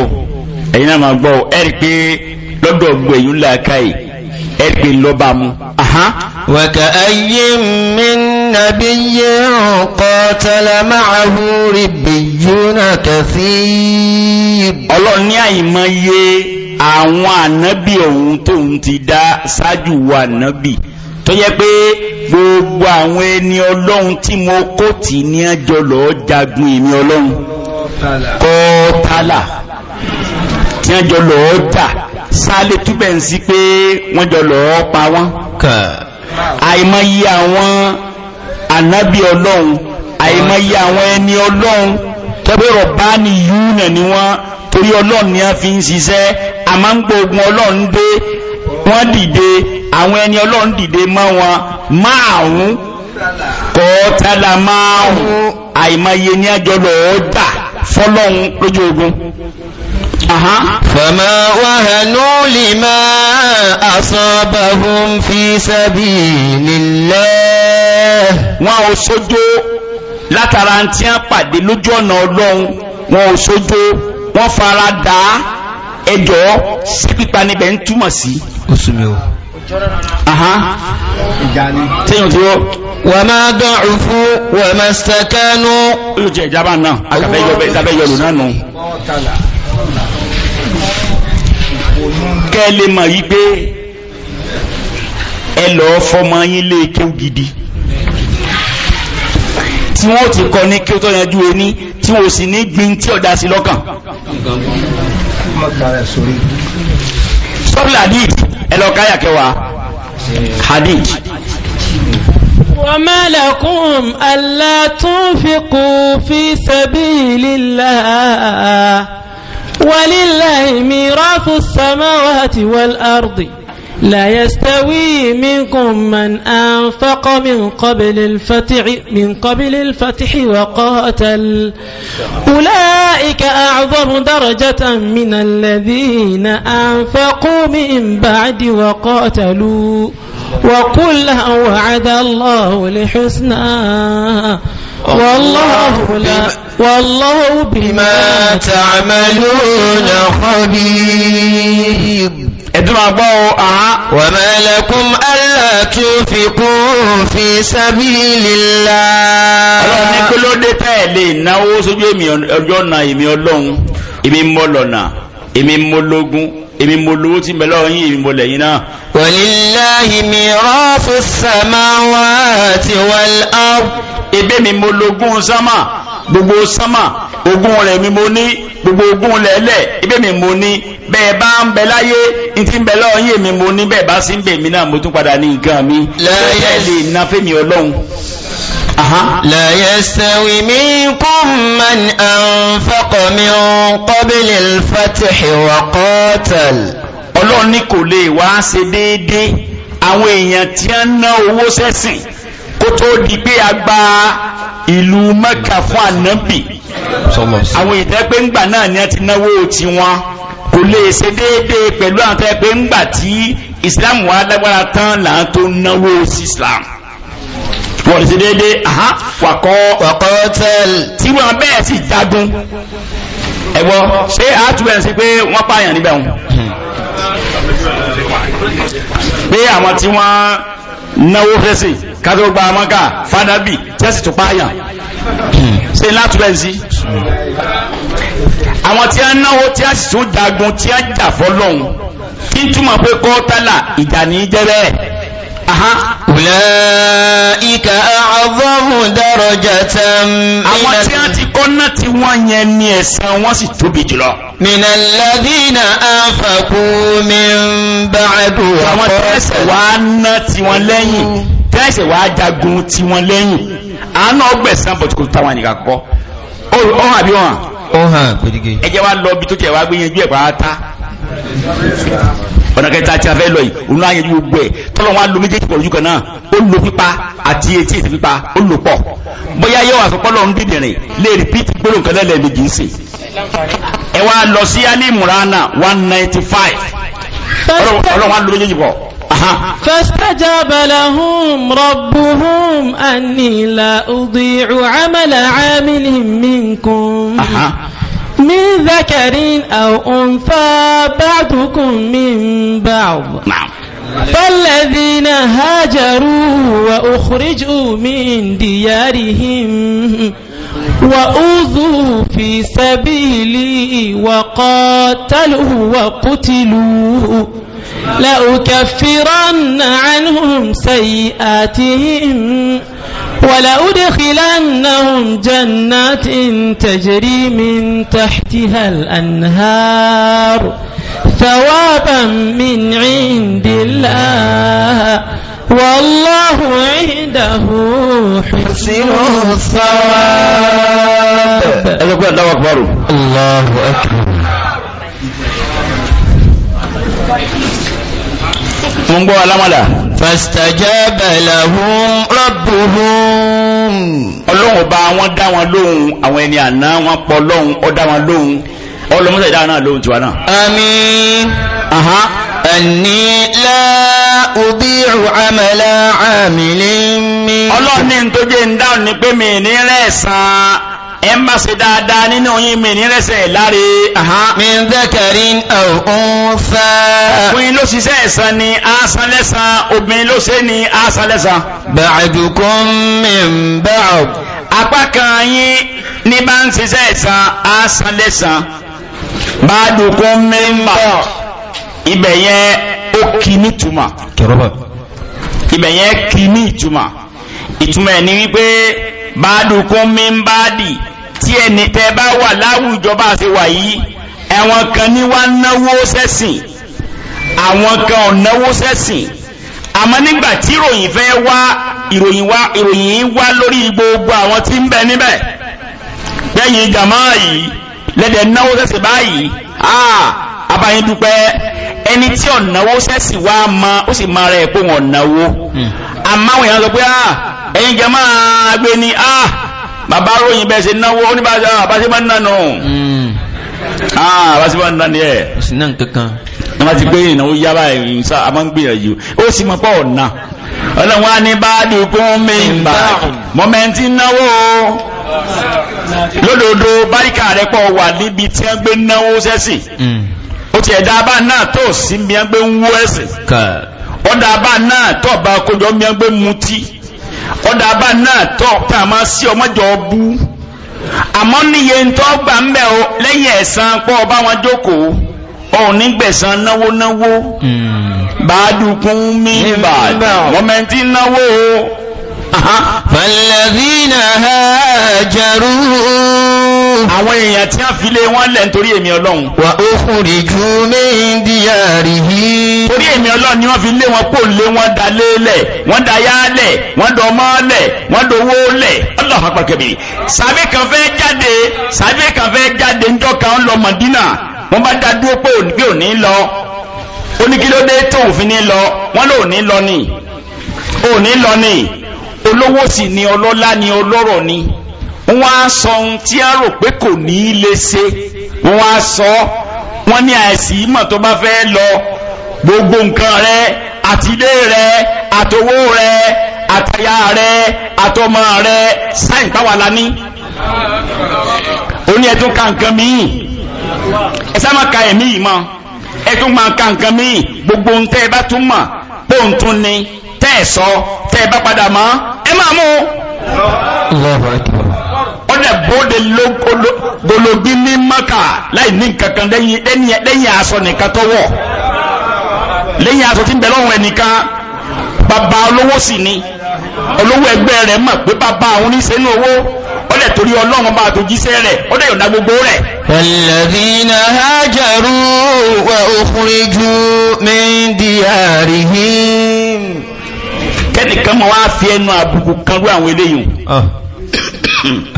ẹ̀yin náà ma gbọ́ ẹ̀rí ẹgbẹ̀ lọ́bà mú. wàkà ayé min nàbí yẹ ọ̀kọ́ tẹ́lá máa hú rí bí yúnà kẹfí. ọlọ́run ní àìmọye àwọn ànábì ọ̀hún tóun ti dá ṣáájú wa ànábì tó yẹ pé gbogbo àwọn ẹni ọlọ́run tí mo kó tì ní ẹjọ́ lọ́ọ́ jagun èmi ọlọ́run kọ́ọ́tálà tí wọ́n jọ lọ́ọ́ jà sálẹ̀ túbẹ̀ ń sí pé wọ́n jọ lọ́ọ́ pa wọ́n àìmọye àwọn ànábì ọlọ́run àìmọye àwọn ẹni ọlọ́run tọ́bẹ̀rọ̀ bá ní yúnà ni wọ́n torí ọlọ́run ni a fi ń ṣiṣẹ́ àmọ́ ń gbógun ọlọ́run dé wọ́n dìde àwọn ẹni ọlọ́run dìde mọ́ wọn márùn-ún kọ́ọ̀tàlà márùn-ún àìmọye ní àjọlọ̀ ọ̀dà fọlọ́run lójú ogun فما وهنوا لما أصابهم في سبيل الله wọn ò sójó látara tí wọ́n pàdé lójú ọ̀nà ọlọ́run wọn ò sójó wọ́n fara dà á ẹjọ́ sí pípa níbẹ̀ ń túmọ̀ sí. oṣù mi o. tíyàn tí ó. wà máa dán òfu wà máa sàkánú. ó yóò jẹ ìjábá náà àkàbẹ́yọ̀ bẹ́ẹ̀ náà nù kẹ́ lè mọ̀ yí pé ẹ lọ fọmọ yín lé kéwú gidi tí wọ́n ti kọ́ ní kí ó tó yanjú ẹni tí wọ́n sì ní gbin tí ọ̀dá sí lọ́kàn sọ́bìlì hadid ẹlọ́káyà kẹwàá hadid وما ألا تنفقوا في سبيل الله ولله ميراث السماوات والأرض لا يستوي منكم من أنفق من قبل الفتح من قبل الفتح وقاتل أولئك أعظم درجة من الذين أنفقوا من بعد وقاتلوا وقل وعد الله لحسنى والله بما تعملون خبير ادرع بوعة وما لكم ألا تنفقوا في سبيل الله ọlọ́run ní kí ló dé tẹ́ẹ̀lé náwó sójú èmi ọjọ́ náà èmi ọlọ́run èmi mọ́ lọ́nà èmi mo lógún èmi mo lówó tí mẹ́lọ́ yín èmi mo lẹ̀yìn náà walillahi mirafu samawati wal ard ebé mi mo lógún sámà gbogbo sámà ogún rẹ̀ mi mo ní gbogbo ogún lẹ́lẹ̀ ebé mi mo ní bẹ́ẹ̀ bá ń bẹ láyé ní ń bẹ lọ́wọ́ yé mi mo ní bẹ́ẹ̀ bá sí ń bẹ̀ mí náà mo tún padà ní nǹkan mi lẹ́yìn lè náfẹ́ mi ọlọ́run لا يستوي منكم من أنفق من قبل الفتح وقاتل Ọlọ́run ní kò lè wá ṣe déédé àwọn èèyàn tí a ń ná owó sẹ́sìn kó tó di pé a gba ìlú Mẹ́kà fún ànábì àwọn ìtẹ́ ńgbà náà ni a ti náwó tiwọn kò lè ṣe déédé pẹ̀lú àwọn tẹ́ ńgbà tí Islam wà lágbára tán là ń tó náwó sí Islam wọ́n ti déédéé wàkọ́ wàkọ́ tẹ́lẹ̀ tí wọ́n bẹ́ẹ̀ sì jagun ẹ̀gbọ́ ṣé àtúbẹ̀ sí pé wọ́n pààyàn níbẹ̀ wọn pé àwọn tí wọ́n náwó fẹ́sì kátólógbà amọ́gà fádàbì tẹ́sì tó pààyàn ṣe látúbẹ̀ sí àwọn tí a náwó tí a sì tún jagun tí a jà fọ́lọ́hun tí túmọ̀ pé kọ́ tálà ìjà ní jẹ́ bẹ́ẹ̀ Ulaika a'zamu darajatan Àwọn tí a ti kọ́nà tí wọ́n yẹn ní ẹ̀san wọ́n sì tóbi jùlọ. Minal ladhina anfaqu min ba'du wà kọ́. Àwọn tẹ́sẹ̀ wá ná wọ́n lẹ́yìn, tẹ́sẹ̀ wá jagun tí wọ́n lẹ́yìn. Àánú ọ̀nà kẹta tí a lọ yìí òun náà yẹjú gbogbo tọ́lọ̀ wọn lo méjèèjì pọ̀lú kan náà ó lo pípa àti etí èsì pípa ó lo pọ̀ bóyá yóò àsopọ́lọ̀ ń dìdìrín lè rìpíìtì gbólóhùn kan lẹ́lẹ̀ méjì ń sè. ẹ wá lọ sí alimurana one ninety five ọlọ́run wọn lo méjèèjì pọ̀. فاستجاب لهم ربهم أني لا أضيع عمل عامل منكم من ذكر أو أنثى بعضكم من بعض نعم فالذين هاجروا وأخرجوا من ديارهم وأوذوا في سبيلي وقاتلوا وقتلوا لأكفرن عنهم سيئاتهم ولأدخلنهم جنات تجري من تحتها الأنهار ثوابا من عند الله والله عنده حسن الثواب الله أكبر الله أكبر mo ń gbọ́ alámọ̀dá fastajaba lahum rabbuhum ọlọ́run bá wọn dá wọn lóhùn àwọn ẹni àná wọn pọ̀ lọ́hùn ó dá wọn lóhùn ọlọ́mọdé ìdá náà lóhùn tiwa náà. àmín ẹni láàbíru àmàlà àmìlí mi. ọlọ́run ní tó jẹ́ ń dáhùn ni pé mi ní rẹ̀ sàn ẹ má ṣe dáadáa nínú yín mi ní rẹ́sẹ̀ láre min dhakarin aw untha ọkùnrin ló ṣiṣẹ́ ẹ̀san ni asan lẹ́san obìnrin ló ṣe ni asan lẹ́san ba'dukum min ba'd apá kan yín ní bá ń ṣiṣẹ́ ẹ̀san asan lẹ́san ba'dukum min ba'd ibẹ̀ yẹn ó kì ní ìtumà ibẹ̀ yẹn kì ní ìtumà ìtumà ẹ̀ ni wípé bàdùkún mi ń báàdì tí ẹni tẹ́ bá wà láwùjọ bá ṣe wà yìí ẹ̀wọ̀n kan ní wá náwó sẹ́sìn àwọn kan ò náwó sẹ́sìn àmọ́ nígbà tí ìròyìn fẹ́ wá ìròyìn wá ìròyìn wá lórí gbogbo àwọn tí ń bẹ níbẹ̀ lẹ́yìn jàmáà yìí lẹ́dẹ̀ náwó sẹ́sìn báyìí abayin ah, dúpẹ́ ẹni tí ọ̀nàwó sẹ́sìn wá ma ó sì máa rẹ̀ pé wọn ọ̀nàwó hmm. àmọ́ àwọn èèyàn sọ pé ah, ẹ̀yin jẹ́mọ́ agbé ni a ah, bàbá ròyìn bẹ́ẹ̀ ṣe náwó oníbàṣà àbáṣẹ́mọ́ ah, nánú àbáṣẹ́mọ́ hmm. ah, nánú ẹ̀ ìsìnà kankan wọ́n bá ti gbé ìnáwó yára ẹ̀yìn sá a máa ń gbìyànjú ó sì mọ́ pọ̀ ọ̀nà ọlọ́run á ní bá dùkún mi bá mọ́mẹ́ntì náwó lódodo báríkà rẹ̀ pọ̀ wà níbi tí wọ́n gbé náwó sẹ́sì hmm. ó ti ẹ̀dá bá náà tó sí mi wọ́n gbé ń wú ẹ̀sìn ọ̀dà bá náà tó bá kójọ́ mi wọ́n mutí. ọdọ aba náà tọ tá sí ọmọjọ́ bú àmọ́ níye gbà mbẹ o lẹ́yìn ẹ̀san pọ̀ ọba wọn jókòó ọ̀hún nígbẹ̀san náwó náwó hmm. bàádùkún mi bàdà mọ́mẹ́ntì náwó o. àwọn èèyàn tí a fi lé wọ́n lẹ̀ nítorí èmi ọlọ́run wà ó fún rí jù ní ìdíyà rí hí torí èmi ọlọ́run ni wọ́n fi lé wọn pò lé wọn da lélẹ̀ wọ́n da yá lẹ̀ wọ́n dọ̀ mọ́ lẹ̀ wọ́n dowó lẹ̀ Allah àpàkẹ́bì sàbẹ̀ kan fẹ́ jáde sàbẹ̀ kan fẹ́ jáde ńjọ́ kan ń lọ Mọ̀dínà wọ́n bá dá dúró pé òní òní lọ ó ní kí ló dé tó òfin ní lọ wọ́n lò ní lọ ní òní lọ ní olówó sì ni ọlọ́lá ni ọlọ́rọ̀ ni wọ́n á sọ ohun tí a rò pé kò ní í lè ṣe wọ́n á sọ wọ́n ní àìsí ìmọ̀ tó bá fẹ́ lọ gbogbo nǹkan rẹ àtìlé rẹ àtowó rẹ àtàyà rẹ àtọmọ rẹ sáyìn táwa la ní. ó ní ẹtún ka nǹkan míì ẹ sá ka ẹ̀mí yìí mọ́ ẹtún máa ka nǹkan míì gbogbo ohun tẹ́ ẹ bá tún mọ̀ pòǹtún ni tẹ́ ẹ sọ tẹ́ ẹ bá padà mọ́ ẹ máa mú. Allahu Akbar ọ̀dẹ̀ bóde golobi ní maka láì ní nkankan lẹ́yìn aṣọ nìkan tó wọ̀ lẹ́yìn aṣọ tí ń bẹ lọ́rùn ẹnìkan bàbá olówó sì ni olówó ẹgbẹ́ rẹ̀ mọ̀ pé bàbá àwọn oníṣẹ́ ní owó ọ̀dẹ̀ torí ọlọ́run bá àtòjíṣẹ́ rẹ̀ ọ̀dẹ̀ yọ̀dá gbogbo rẹ̀. الذين هاجروا وأخرجوا من ديارهم kẹ́nìkan mọ̀ wá fi ẹnu àbùkù kan rú àwọn eléyìí ah. (coughs)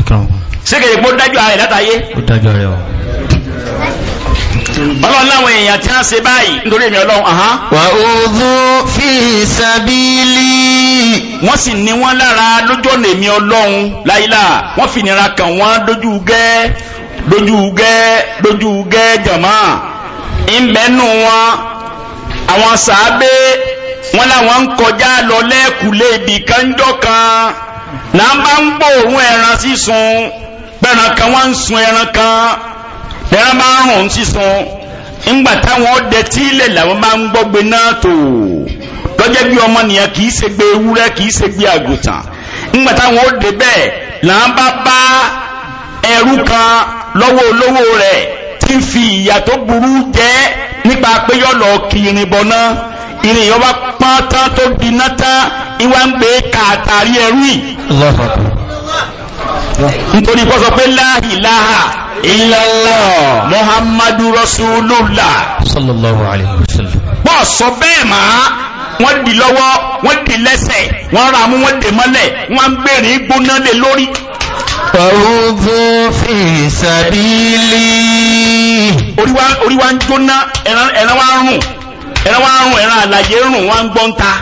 síkèrè pó dájú ààrẹ látàyé ọlọ́run láwọn èèyàn tí wọ́n ṣe báyìí nítorí èmi ọlọ́run ahán wà óòdó fi sàbílì wọ́n sì ní wọ́n lára lójú ọ̀nà èmi ọlọ́run láìlà wọ́n fi nira kàn wọ́n lójú gẹ́ lójú gẹ́ lójú gẹ́ jàmá ìmẹ́nu wọn àwọn sàábé wọn làwọn ń kọjá lọ lẹ́kùlé ibì kanjọ́ kan na ń bá ń gbọ́ òun ẹran sísun pẹ̀ràn kan wọ́n ń sun ẹran kan ẹran bá ń rùn sísun ńgbà táwọn ọdẹ tí ilẹ̀ làwọn bá ń gbọ́ gbé náà tó lọ́jẹ́ bí ọmọnìyàn kì í ṣe gbé ewúrẹ́ kì í ṣe gbé àgùntàn ńgbà táwọn ọdẹ bẹ́ẹ̀ là ń bá bá ẹrú kan lọ́wọ́ olówó rẹ̀ tí ń fi ìyà tó burú jẹ nípa pé yọ̀ lọ kiri bọ̀ náà ìrìn yọba pátá tó di náta ìwà ń gbé kàtàrí ẹrú yìí nítorí pọ́sọ pé láhìláhà illallah muhammadu rasulullah sallallahu alaihi wasallam pọ́ sọ bẹ́ẹ̀ máa wọ́n dì lọ́wọ́ wọ́n dì lẹ́sẹ̀ wọ́n ra mú wọ́n dè mọ́lẹ̀ wọ́n ń bèèrè gbóná lè lórí Fàúzú fi sàbílì. Orí wa ń jóná, ẹ̀rọ wa ń rùn ẹran wọn rún ẹran àlàyé rún wọn gbọ́n ta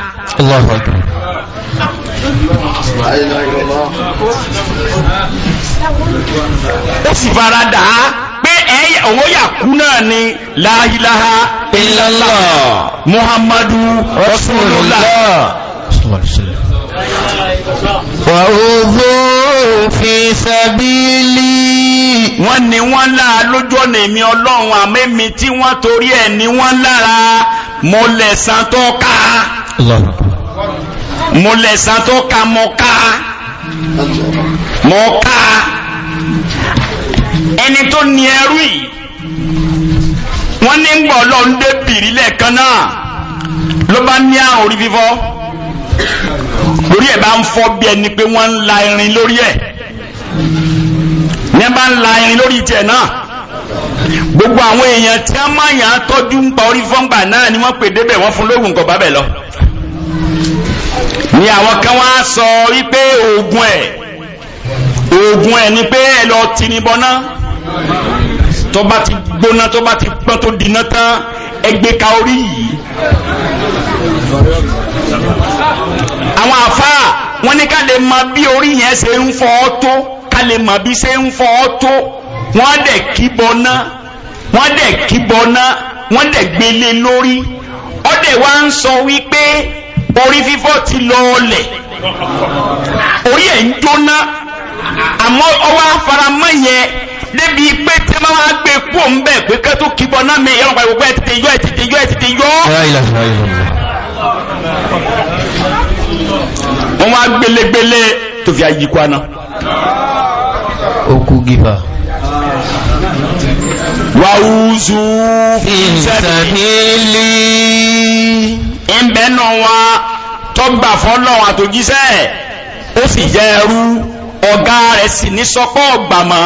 ó sì fara dà á pé ẹ̀yà owó yàkú náà ni láhíláhá illallah muhammadu rasulullah wàhúhú fi sàbílì wọ́n ni wọ́n láà lójú ọ̀nà èmi ọlọ́run àmẹ́mi tí wọ́n torí ẹ̀ ni wọ́n lára mo lẹ̀sán tó ká mo lẹ̀sán tó ká mo ká mo ká ẹni tó ní ẹrú yìí wọ́n ní ń gbọ́ lọ ń dé bìrì lẹ́ẹ̀kan náà ló bá ní àrùn orí fífọ́ lórí ẹ̀ bá ń fọ́ bí ẹni pé wọ́n ń la irin lórí ẹ̀ ní ẹ bá ń la irin lórí tiẹ̀ náà gbogbo àwọn èèyàn tí a máa yàn án tọ́jú ń pa orí fọ́ngbà náà ni wọ́n pè débẹ̀ wọ́n fún lóògùn kọ̀ bábẹ̀ lọ ni àwọn kan wá sọ wípé oògùn ẹ̀ oògùn ẹ̀ ni pé ẹ lọ tinibọ náà tó bá ti gbóná tó bá ti pọ́n tó dìná tán ẹgbẹ́ ka orí yìí àwọn àfáà wọ́n ní ká lè mọ bí orí yẹn ṣe ń fọ́ ọ́ tó ká lè mọ bí ṣe ń fọ́ ọ́ tó wọ́n dẹ̀ kíbọ náà wọ́n dẹ̀ kíbọná wọ́n dẹ̀ gbélé lórí ọdẹ̀ wá ń sọ wípé orí fífọ́ ti lọ orí ẹ̀ ń jóná àmọ́ ọwọ́ afaramọ́ yẹn débi pé tí a máa gbé kúò ń bẹ̀ pé kẹ́tù kíbọná mi ẹ̀rọ pàdé gbogbo ẹ̀ ti yọ ẹ̀ ti yọ ẹ̀ ti yọ. wọ́n wá gbélé tó fi àyíkú àná. ó kú wàúzú ìsẹ̀bílì ìbẹ̀nà wa tó gbà fọ́lọ́run àtòjíṣẹ́ ó sì jẹ́ ẹrú ọ̀gá rẹ̀ sì ní sọpọ̀ ọ̀gbàmọ́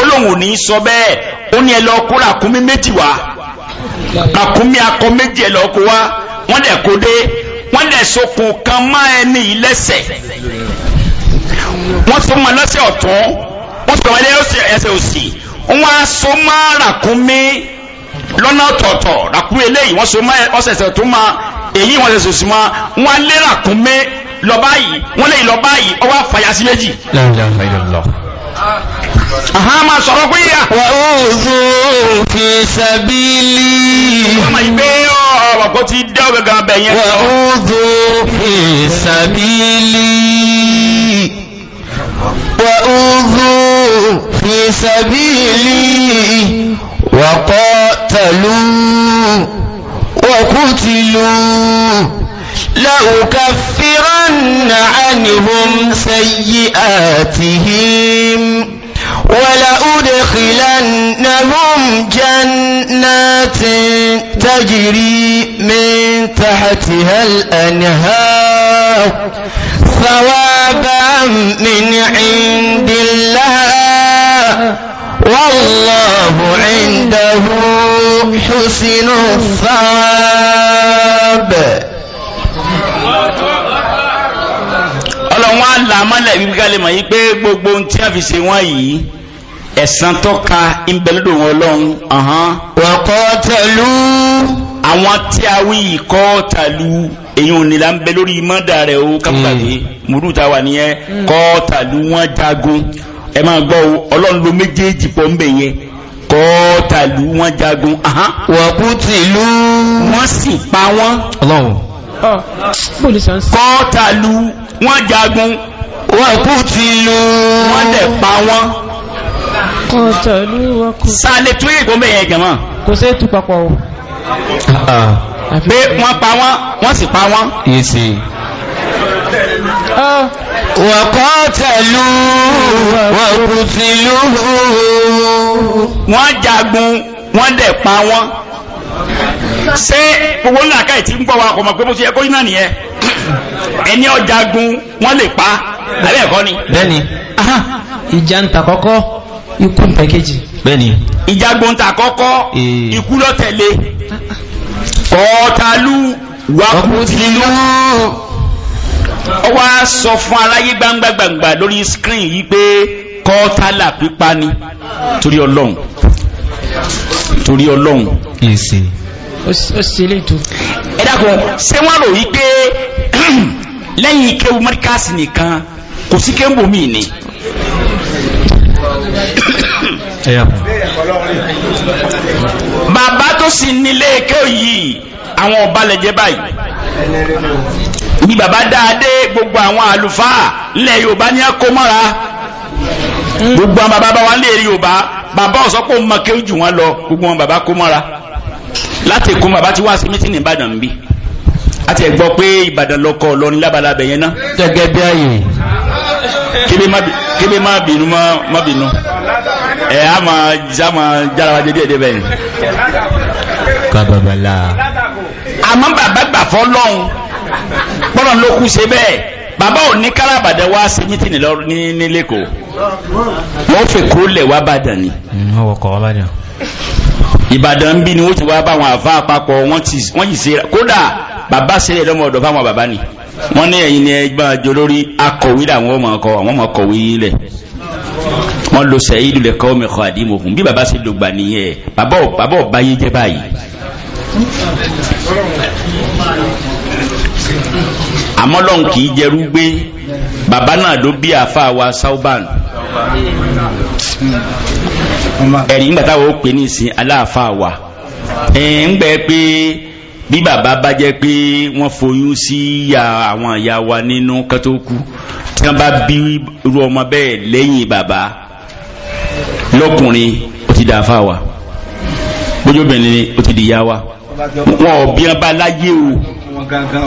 olóhùn ní sọ bẹ́ẹ̀ ó ní ẹlọ kó ràkúnmí méjì wá ràkúnmí akọ méjì ẹlọ kó wá wọ́n dẹ̀ kó dé wọ́n dẹ̀ sokùn kan má ẹni lẹ́sẹ̀ wọ́n so mọ́ lọ́sẹ̀ ọ̀tún wọ́n so mọ́ ẹsẹ̀ òsì wọ́n á so máa ràkúnmí lọ́nà ọ̀tọ̀ọ̀tọ̀ ràkúnmí eléyìí wọ́n so máa ọ̀sẹ̀sẹ̀ tó máa èyí wọ́n sẹ̀sẹ̀ sí máa wọ́n á lé ràkúnmí lọ báyìí wọ́n lè lọ báyìí ọwọ́ àfàyà sí méjì. Àhá máa sọ̀rọ̀ pé yà. Wà ó zo fi sàbílì. Wọ́n máa gbé ọ̀rọ̀ kó ti dẹ́ ọ̀gẹ̀gẹ̀ abẹ̀yẹn. Wà ó zo fi sàbílì. وأوذوا في سبيلي وقاتلوا وقتلوا لأكفرن عنهم سيئاتهم ولأدخلنهم جنات تجري من تحتها الأنهار ثواب من عند الله والله عنده حسن الثواب ọlọ́wọ́n àlàmọ́lẹ̀ wíkálẹ̀ mọ̀ yí pé gbogbo ohun tí a fi ṣe wọ́n yìí ẹ̀san tọ́ka ń bẹ lọ́dọ̀ wọn Ọlọ́run. wa àwọn tí a wí ikọ́ tàlú èyí ò nílá ń bẹ lórí mọ́dà rẹ̀ o kápútàdé múlù mm. tá a wà nìyẹn mm. kọ́ tàlú wọn jagun ẹ máa gbọ́ o ọlọ́run ló méjèèjì pọ̀ ń bẹ yẹn kọ́ tàlú wọn jagun. wọ́n kú tìlú. wọ́n sì pa wọ́n. ọlọ́run ah, kọ́ọ̀tàlú wọ́n jagun wọ́n kú ti lú wọ́n dẹ̀ pa wọ́n kọ́ọ̀tàlú wọ́n kú sálẹ̀ tó yẹ kó mẹ́yẹ gẹ̀mọ́ kò sí ètù papọ̀ pé wọ́n pa wọ́n wọ́n sì pa wọ́n ìsì wọ̀kọ́tẹ̀lú wọ̀rùtìlú wọ́n jagun wọ́n dẹ̀ pa wọ́n ṣé gbogbo ńlá káì tí ń gbọ́ wa kò mọ̀ pé bó ṣe ẹkọ́ yìí náà nìyẹn ẹni ọjagun wọ́n lè pa àbẹ́ ẹ̀kọ́ ni. bẹ́ẹ̀ni ìjà ń ta kọ́kọ́ ikú pẹ́kẹ́jì bẹ́ẹ̀ni ìjagun ta kọ́kọ́ eh. ikú ló tẹ̀lé kọ́ọ̀tàlú wàkútìlú ọwá sọ fún aráyé gbangba-gbangba lórí screen yìí pé kọ́ọ̀tàlà pípa ni torí ọlọ́run torí ọlọ́run ẹ dákun ṣé wọ́n rò yí pé (clears throat) lẹ́yìn kéwu mọ́ríkàsì nìkan kò sí kéwu mi ni bàbá tó sì nílé èké yìí àwọn ọba lè jẹ báyìí ni bàbá dáadé gbogbo àwọn àlùfáà ilẹ̀ Yorùbá ní akómọ́ra gbogbo àwọn bàbá wa nílẹ̀ Yorùbá bàbá ọ̀sọ́pọ̀ mọ̀kẹ́ jù wọn lọ gbogbo wọn bàbá kómọ́ra láti kún bàbá tí wọ́n á sí mítìnì Ìbàdàn bíi àti ẹ̀gbọ́ pé Ìbàdàn lọ́kọ̀ lọ ní yẹn náà. gẹ́gẹ́ bí ààyè kébé má bínú má bínú ẹ̀ á máa já máa jára wájú díẹ̀ débẹ̀ ni. kábàbàlà. àmọ́ bàbá gbà fọ́ lọ́hùn gbọ́dọ̀ ló kú ṣe bẹ́ẹ̀ bàbá ò ní káràbàdà wá sí ní tìǹlẹ ní ní lẹ́kọ̀ọ́ wọ́n fẹ́ kó lẹ̀ wá bàdàn ni. ọwọ́ mm, kọ́ wá bàdàn. ìbàdàn bí ni wọ́n ti wá bá àwọn àfa àpapọ̀ wọ́n yìí ṣe kódà bàbá ṣe lè lọ́mọ ọ̀dọ̀ fáwọn bàbá ni. wọ́n ní ẹ̀yin ni ẹgbẹ́ àjò lórí akọ̀wé làwọn ọmọ ọkọ̀ àwọn ọmọ ilẹ̀ wọ́n lo sẹ́yìn lulẹ̀ kọ́ mi kọ́ bí baba gbà nìyẹn bàbá bàbá ọba yé jẹ́ báyìí. àmọ́ kì í jẹrú gbé bàbá náà ló bí àfa wa sauban ẹ̀rí nígbà ó pè ní ìsìn aláàfáà wa ẹ̀ ń gbẹ pé. bí bàbá bá jẹ́ pé wọ́n foyún sí ya àwọn ìyá wa nínú kan tó kú tí wọ́n bá bí irú ọmọ bẹ́ẹ̀ lẹ́yìn bàbá lọ́kùnrin ó ti dàáfà wa bójóbìnrin ó ti dìyá wa wọn ò bí wọn bá láyé o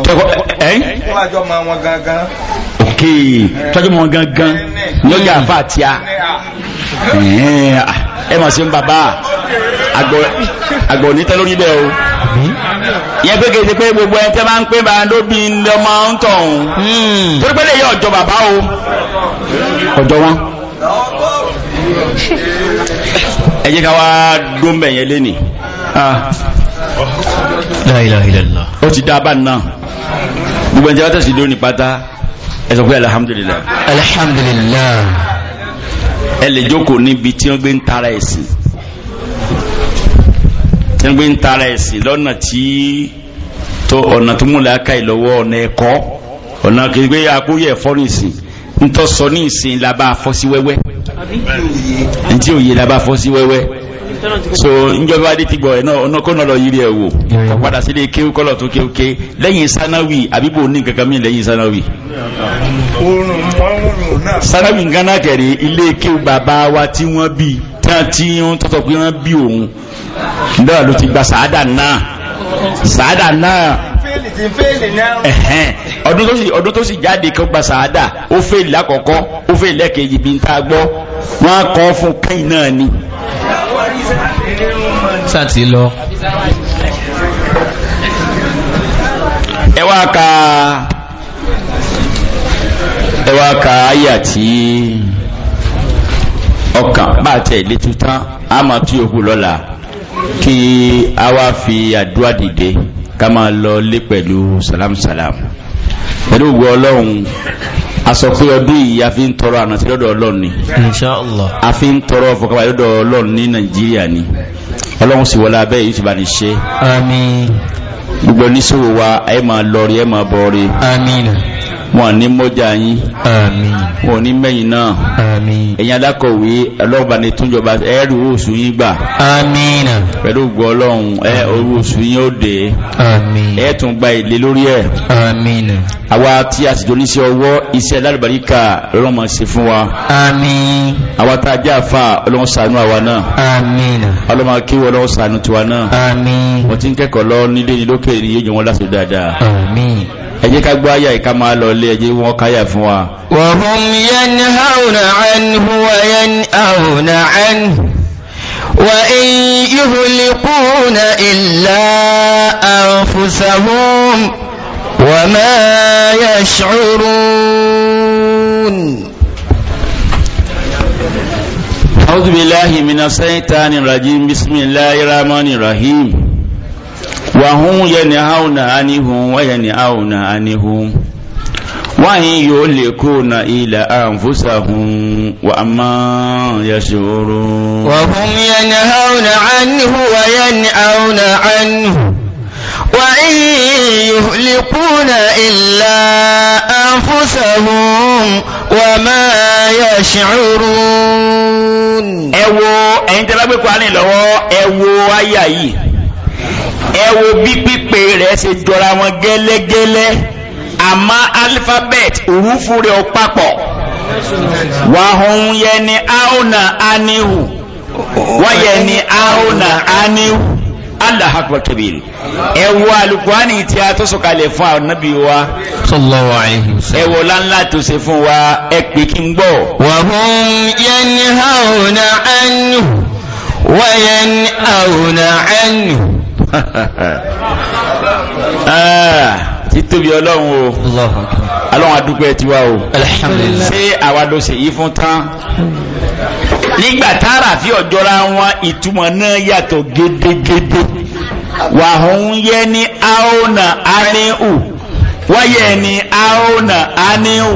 tọ́jọ́ mọ wọn gangan lọ́jà àfáà ẹ̀ ẹ̀ mà ṣe ń bàbá àgbọ̀ ní tẹ́ lórí bẹ́ẹ̀ o yẹn pé kèsì pé gbogbo ẹ̀ tẹ́ máa ń pè bá ló bí lọ́mọ ń tọ̀hún hmm. torí pé lè yọ ọ̀jọ̀ bàbá o ọ̀jọ̀ wọn. ẹ jẹ́ ká wá dóńbẹ̀ yẹn lé nì. Ah. ó ti dá a bá náà gbogbo ẹ̀ tẹ́ wá tẹ̀sí lónìí pátá ẹ sọ pé alihamudulilayi. alihamudulilayi. ẹ lè jókòó níbi tí wọ́n gbé ń tara ẹ̀sìn tí wọ́n gbé ń tara ẹ̀sìn lọ́nà tí tó ọ̀nà tó múlẹ̀ aka ìlọ́wọ́ ọ̀nà ẹ̀kọ́ ọ̀nà kìgbé akóyè ẹ̀fọ́ ní ìsìn ntọ́ sọ ní ìsìn labá afọ́ sí wẹ́wẹ́ ntí òye labá afọ́ sí wẹ́wẹ́ so njọba adé ti gbọ ẹ náà ọ̀nà kọ́nà lọ yiri ẹ wò padà sílé kéwú kọ́lọ̀ tó kéwú ké lẹ́yìn sanawi àbíbò ní kankan mi lẹ́yìn sanawi. sanawi nǹkan náà kẹ̀rí ilé kéwú bàbá wa tí wọ́n bí tí wọ́n tọ́tọ̀ pé wọ́n bí òun náà ló ti gba sàádà náà sàádà náà ọdún tó sì jáde kan gba sàádà ó fèèlì lákọ̀ọ́kọ́ ó fèèlì lẹ́ẹ̀kejì bí n tá a gbọ́ wọ́n á kọ́ fún kẹ́yìn náà ni. sátì lọ. ẹ wá ka ẹ ayé àti ọkàn bá tẹ̀ ilé tuntun a máa tú yòókù lọ́la kí a wá fi àdúrà dìde ká máa lọ lé pẹ̀lú salam salam pẹ̀lú ògbó ọlọ́run a sọ pé ọdún yìí a fi ń tọrọ ànàtí lọ́dọ̀ ọlọ́run ni Inshallah a fi ń tọrọ ọfọkàbà lọ́dọ̀ ọlọ́run ní nàìjíríà ni ọlọ́run sì wọlé abẹ́ yìí ti bá ní ṣe gbogbo oníṣòwò wa ẹ máa lọ rí ẹ máa bọ̀ rí wọn ní mọ́jà yín àmín wọn ní mẹ́yìn náà àmín ẹ̀yin alákọ̀wé ọlọ́ọ̀bà ní túnjọba ẹ̀rù oṣù yín gbà àmín pẹ̀lú ògùn ọlọ́run ẹ̀ orí oṣù yín ó dé àmín ẹ̀ tún gba ìlé lórí ẹ̀ àmín àwa tí a sì jọní sí ọwọ́ iṣẹ́ lálùbáríkà ọlọ́mọ ṣe fún wa àwa tá a jẹ́ àfa ọlọ́run ṣàánú àwa náà àmín ọlọ́mọ akéwọ́ ọlọ́run ṣàánú tiwa náà wọ́n ti ń kẹ́kọ̀ọ́ lọ nílé ní ní ẹ jẹ́ ká gbọ́ àyà ìka máa lọ lé ẹ jẹ́ wọn káyà fún wa. wa hum yanhauna anhu wa yanhauna anhu wa in yuhlikuna illa anfusahum wa ma yash'urun. a'udhu billahi wàhún yẹni hauna anihun wáyẹni hauna anihun wáyín yóò lè kó na ilẹ̀ àǹfúsàhun wà má yẹ ṣòro wàhún yẹni hauna anihun wáyẹni hauna anihun وإن يهلكون إلا أنفسهم وما يشعرون ẹ wò ẹ̀yin tẹ́lágbé Kùránì lọ́wọ́ ẹ wò àyà yìí ẹ wo bí pípé rẹ̀ ṣe jọra wọn gẹ́lẹ́gẹ́lẹ́ àmọ́ alifábẹ́ẹ̀tì òrùfù rẹ̀ ó papọ̀ wàhùn yẹn aona anihu wọ́n aona anihu allah akbar kabir ẹ alukwani tí a tó sọ̀kalẹ̀ fún ànábì wa sallallahu alaihi wasallam ẹ wo lánlá tó ṣe fún wa ẹ pè kí n gbọ́ wa hum yanhauna anhu wa yanhauna anhu (laughs) Ah, títóbi ọlọ́run o ọlọ́run adúpẹ́ tiwa o alhamdulillah ṣé àwa ló ṣe yí fún tán nígbà tára fi ọjọ́ra wọn ìtumọ̀ náà yàtọ̀ gédégédé wà hún yẹ ní aona aníhù wáyẹ ní aona aníhù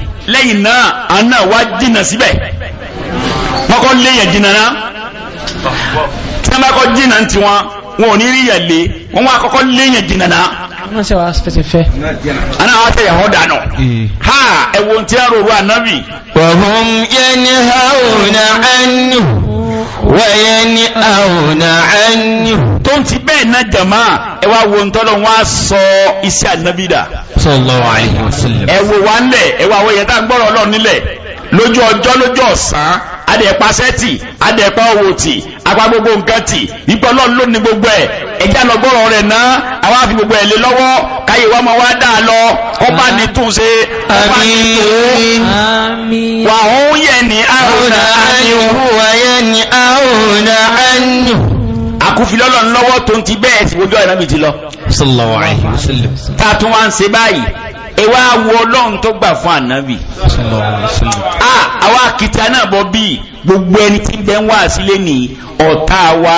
lẹ́yìn náà àná wá jìnà síbẹ̀ wọ́n léyàn jìnà náà tí a bá kọ́ jìnà ti wọn wọn ò ní rí yà lé wọn wá kọ́kọ́ léyàn jìnà náà ana wá tẹ̀yà họ́ dànù ha ẹ̀wọ̀n tí a rò rú ànábì. wọ́n yẹn ni wẹ́yẹ ní àwọn àányù tó ń ti bẹ́ẹ̀ náà jàmá ẹwà wo ń tọ́lọ wọ́n á sọ iṣẹ́ ànábìdà sallallahu alaihi wasallam ẹwọ wa ń lẹ̀ ẹwà wọ́yẹ tá gbọ́rọ̀ ọlọ́run nílẹ̀ lójú ọjọ́ lójú ọ̀sán adẹ̀pa sẹ́tì adẹ̀pa owó tì apá gbogbo nǹkan tì ipò ọlọ́run ló ní gbogbo ẹ̀ ẹ̀já lọ gbọ́rọ̀ rẹ̀ náà àwa fi gbogbo ẹ̀ lé lọ́wọ́ káyé wa máa wá dà lọ kó bá ní túnṣe kó bá ní tó wà ó yẹ ní àrùn àníwò wáyé ní àkúfilọ́lọ́ lọ́wọ́ tó ń ti bẹ́ẹ̀ ti gbogbo ẹ̀ náà ti lọ. sallallahu alaihi wasallam. tá tún wá ń ṣe báyìí ẹwà awọ ọlọ́run tó gbà fún ànábì àwọn akìtà náà bọ́ bí gbogbo ẹni tí bẹ́ ń wá sílé ní ọ̀tá wa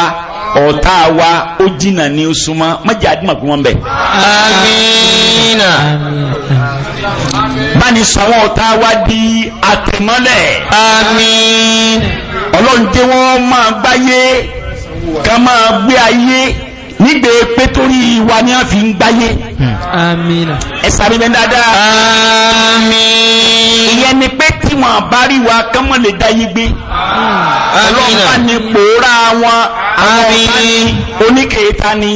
ọ̀tá wa ó jìnà ní súnmọ́ mọ́jà àdúmọ̀ pé wọ́n bẹ̀. amínà bá ní sọ̀wọ́n ọ̀tá wa di àtẹ̀mọ́lẹ̀. àmín ọlọ́run tí wọ́n máa gbáyé ká máa gbé ayé. nígbè pé torí wa ní a fi ń gbáyé hmm. àmìnà ẹ̀sàrí mẹ́ dáadáa àmín ìyẹn ni pé tí wọ́n bá rí wa kánmọ̀ lè dáyé gbé ọlọ́pàá ni pòórá wọn àwọn ọ̀pá ní oníkèéta ni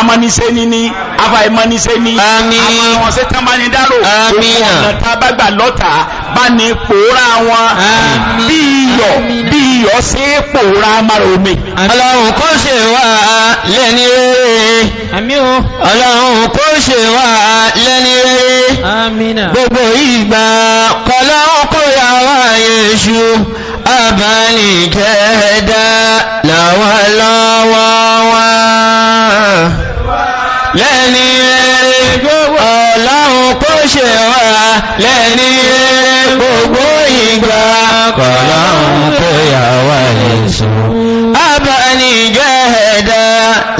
amánisẹ́ níní afàìmánisẹ́ ní àwọn ọ̀sẹ̀ tán bá ní dárò ọ̀nà tá a bá gbà lọ́ta bá ní pòórá wọn bí iyọ̀ bí iyọ̀ ṣe é pòórá mara omi. ọlọ́run kó ṣe wá lẹ́ni rere ọlọ́run kó ṣe wá lẹ́ni rere gbogbo ìgbà kọlọ́run kó yà wá yẹ̀ṣu abánikẹ́dá làwọn lọ́wọ́ wá. ṣe wá lẹ́ni gbogbo ìgbà kọ̀láhùn kó yàwá èso abánigẹ́ ẹ̀dá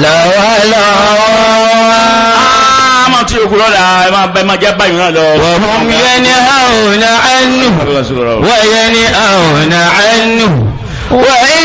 lọ́wọ́lọ́wọ́ tí ó kúrọ́ rà ẹmà jẹ́ báyìí náà lọ. Wọ̀hún yẹ ni àwọn àánú, wọ́yẹ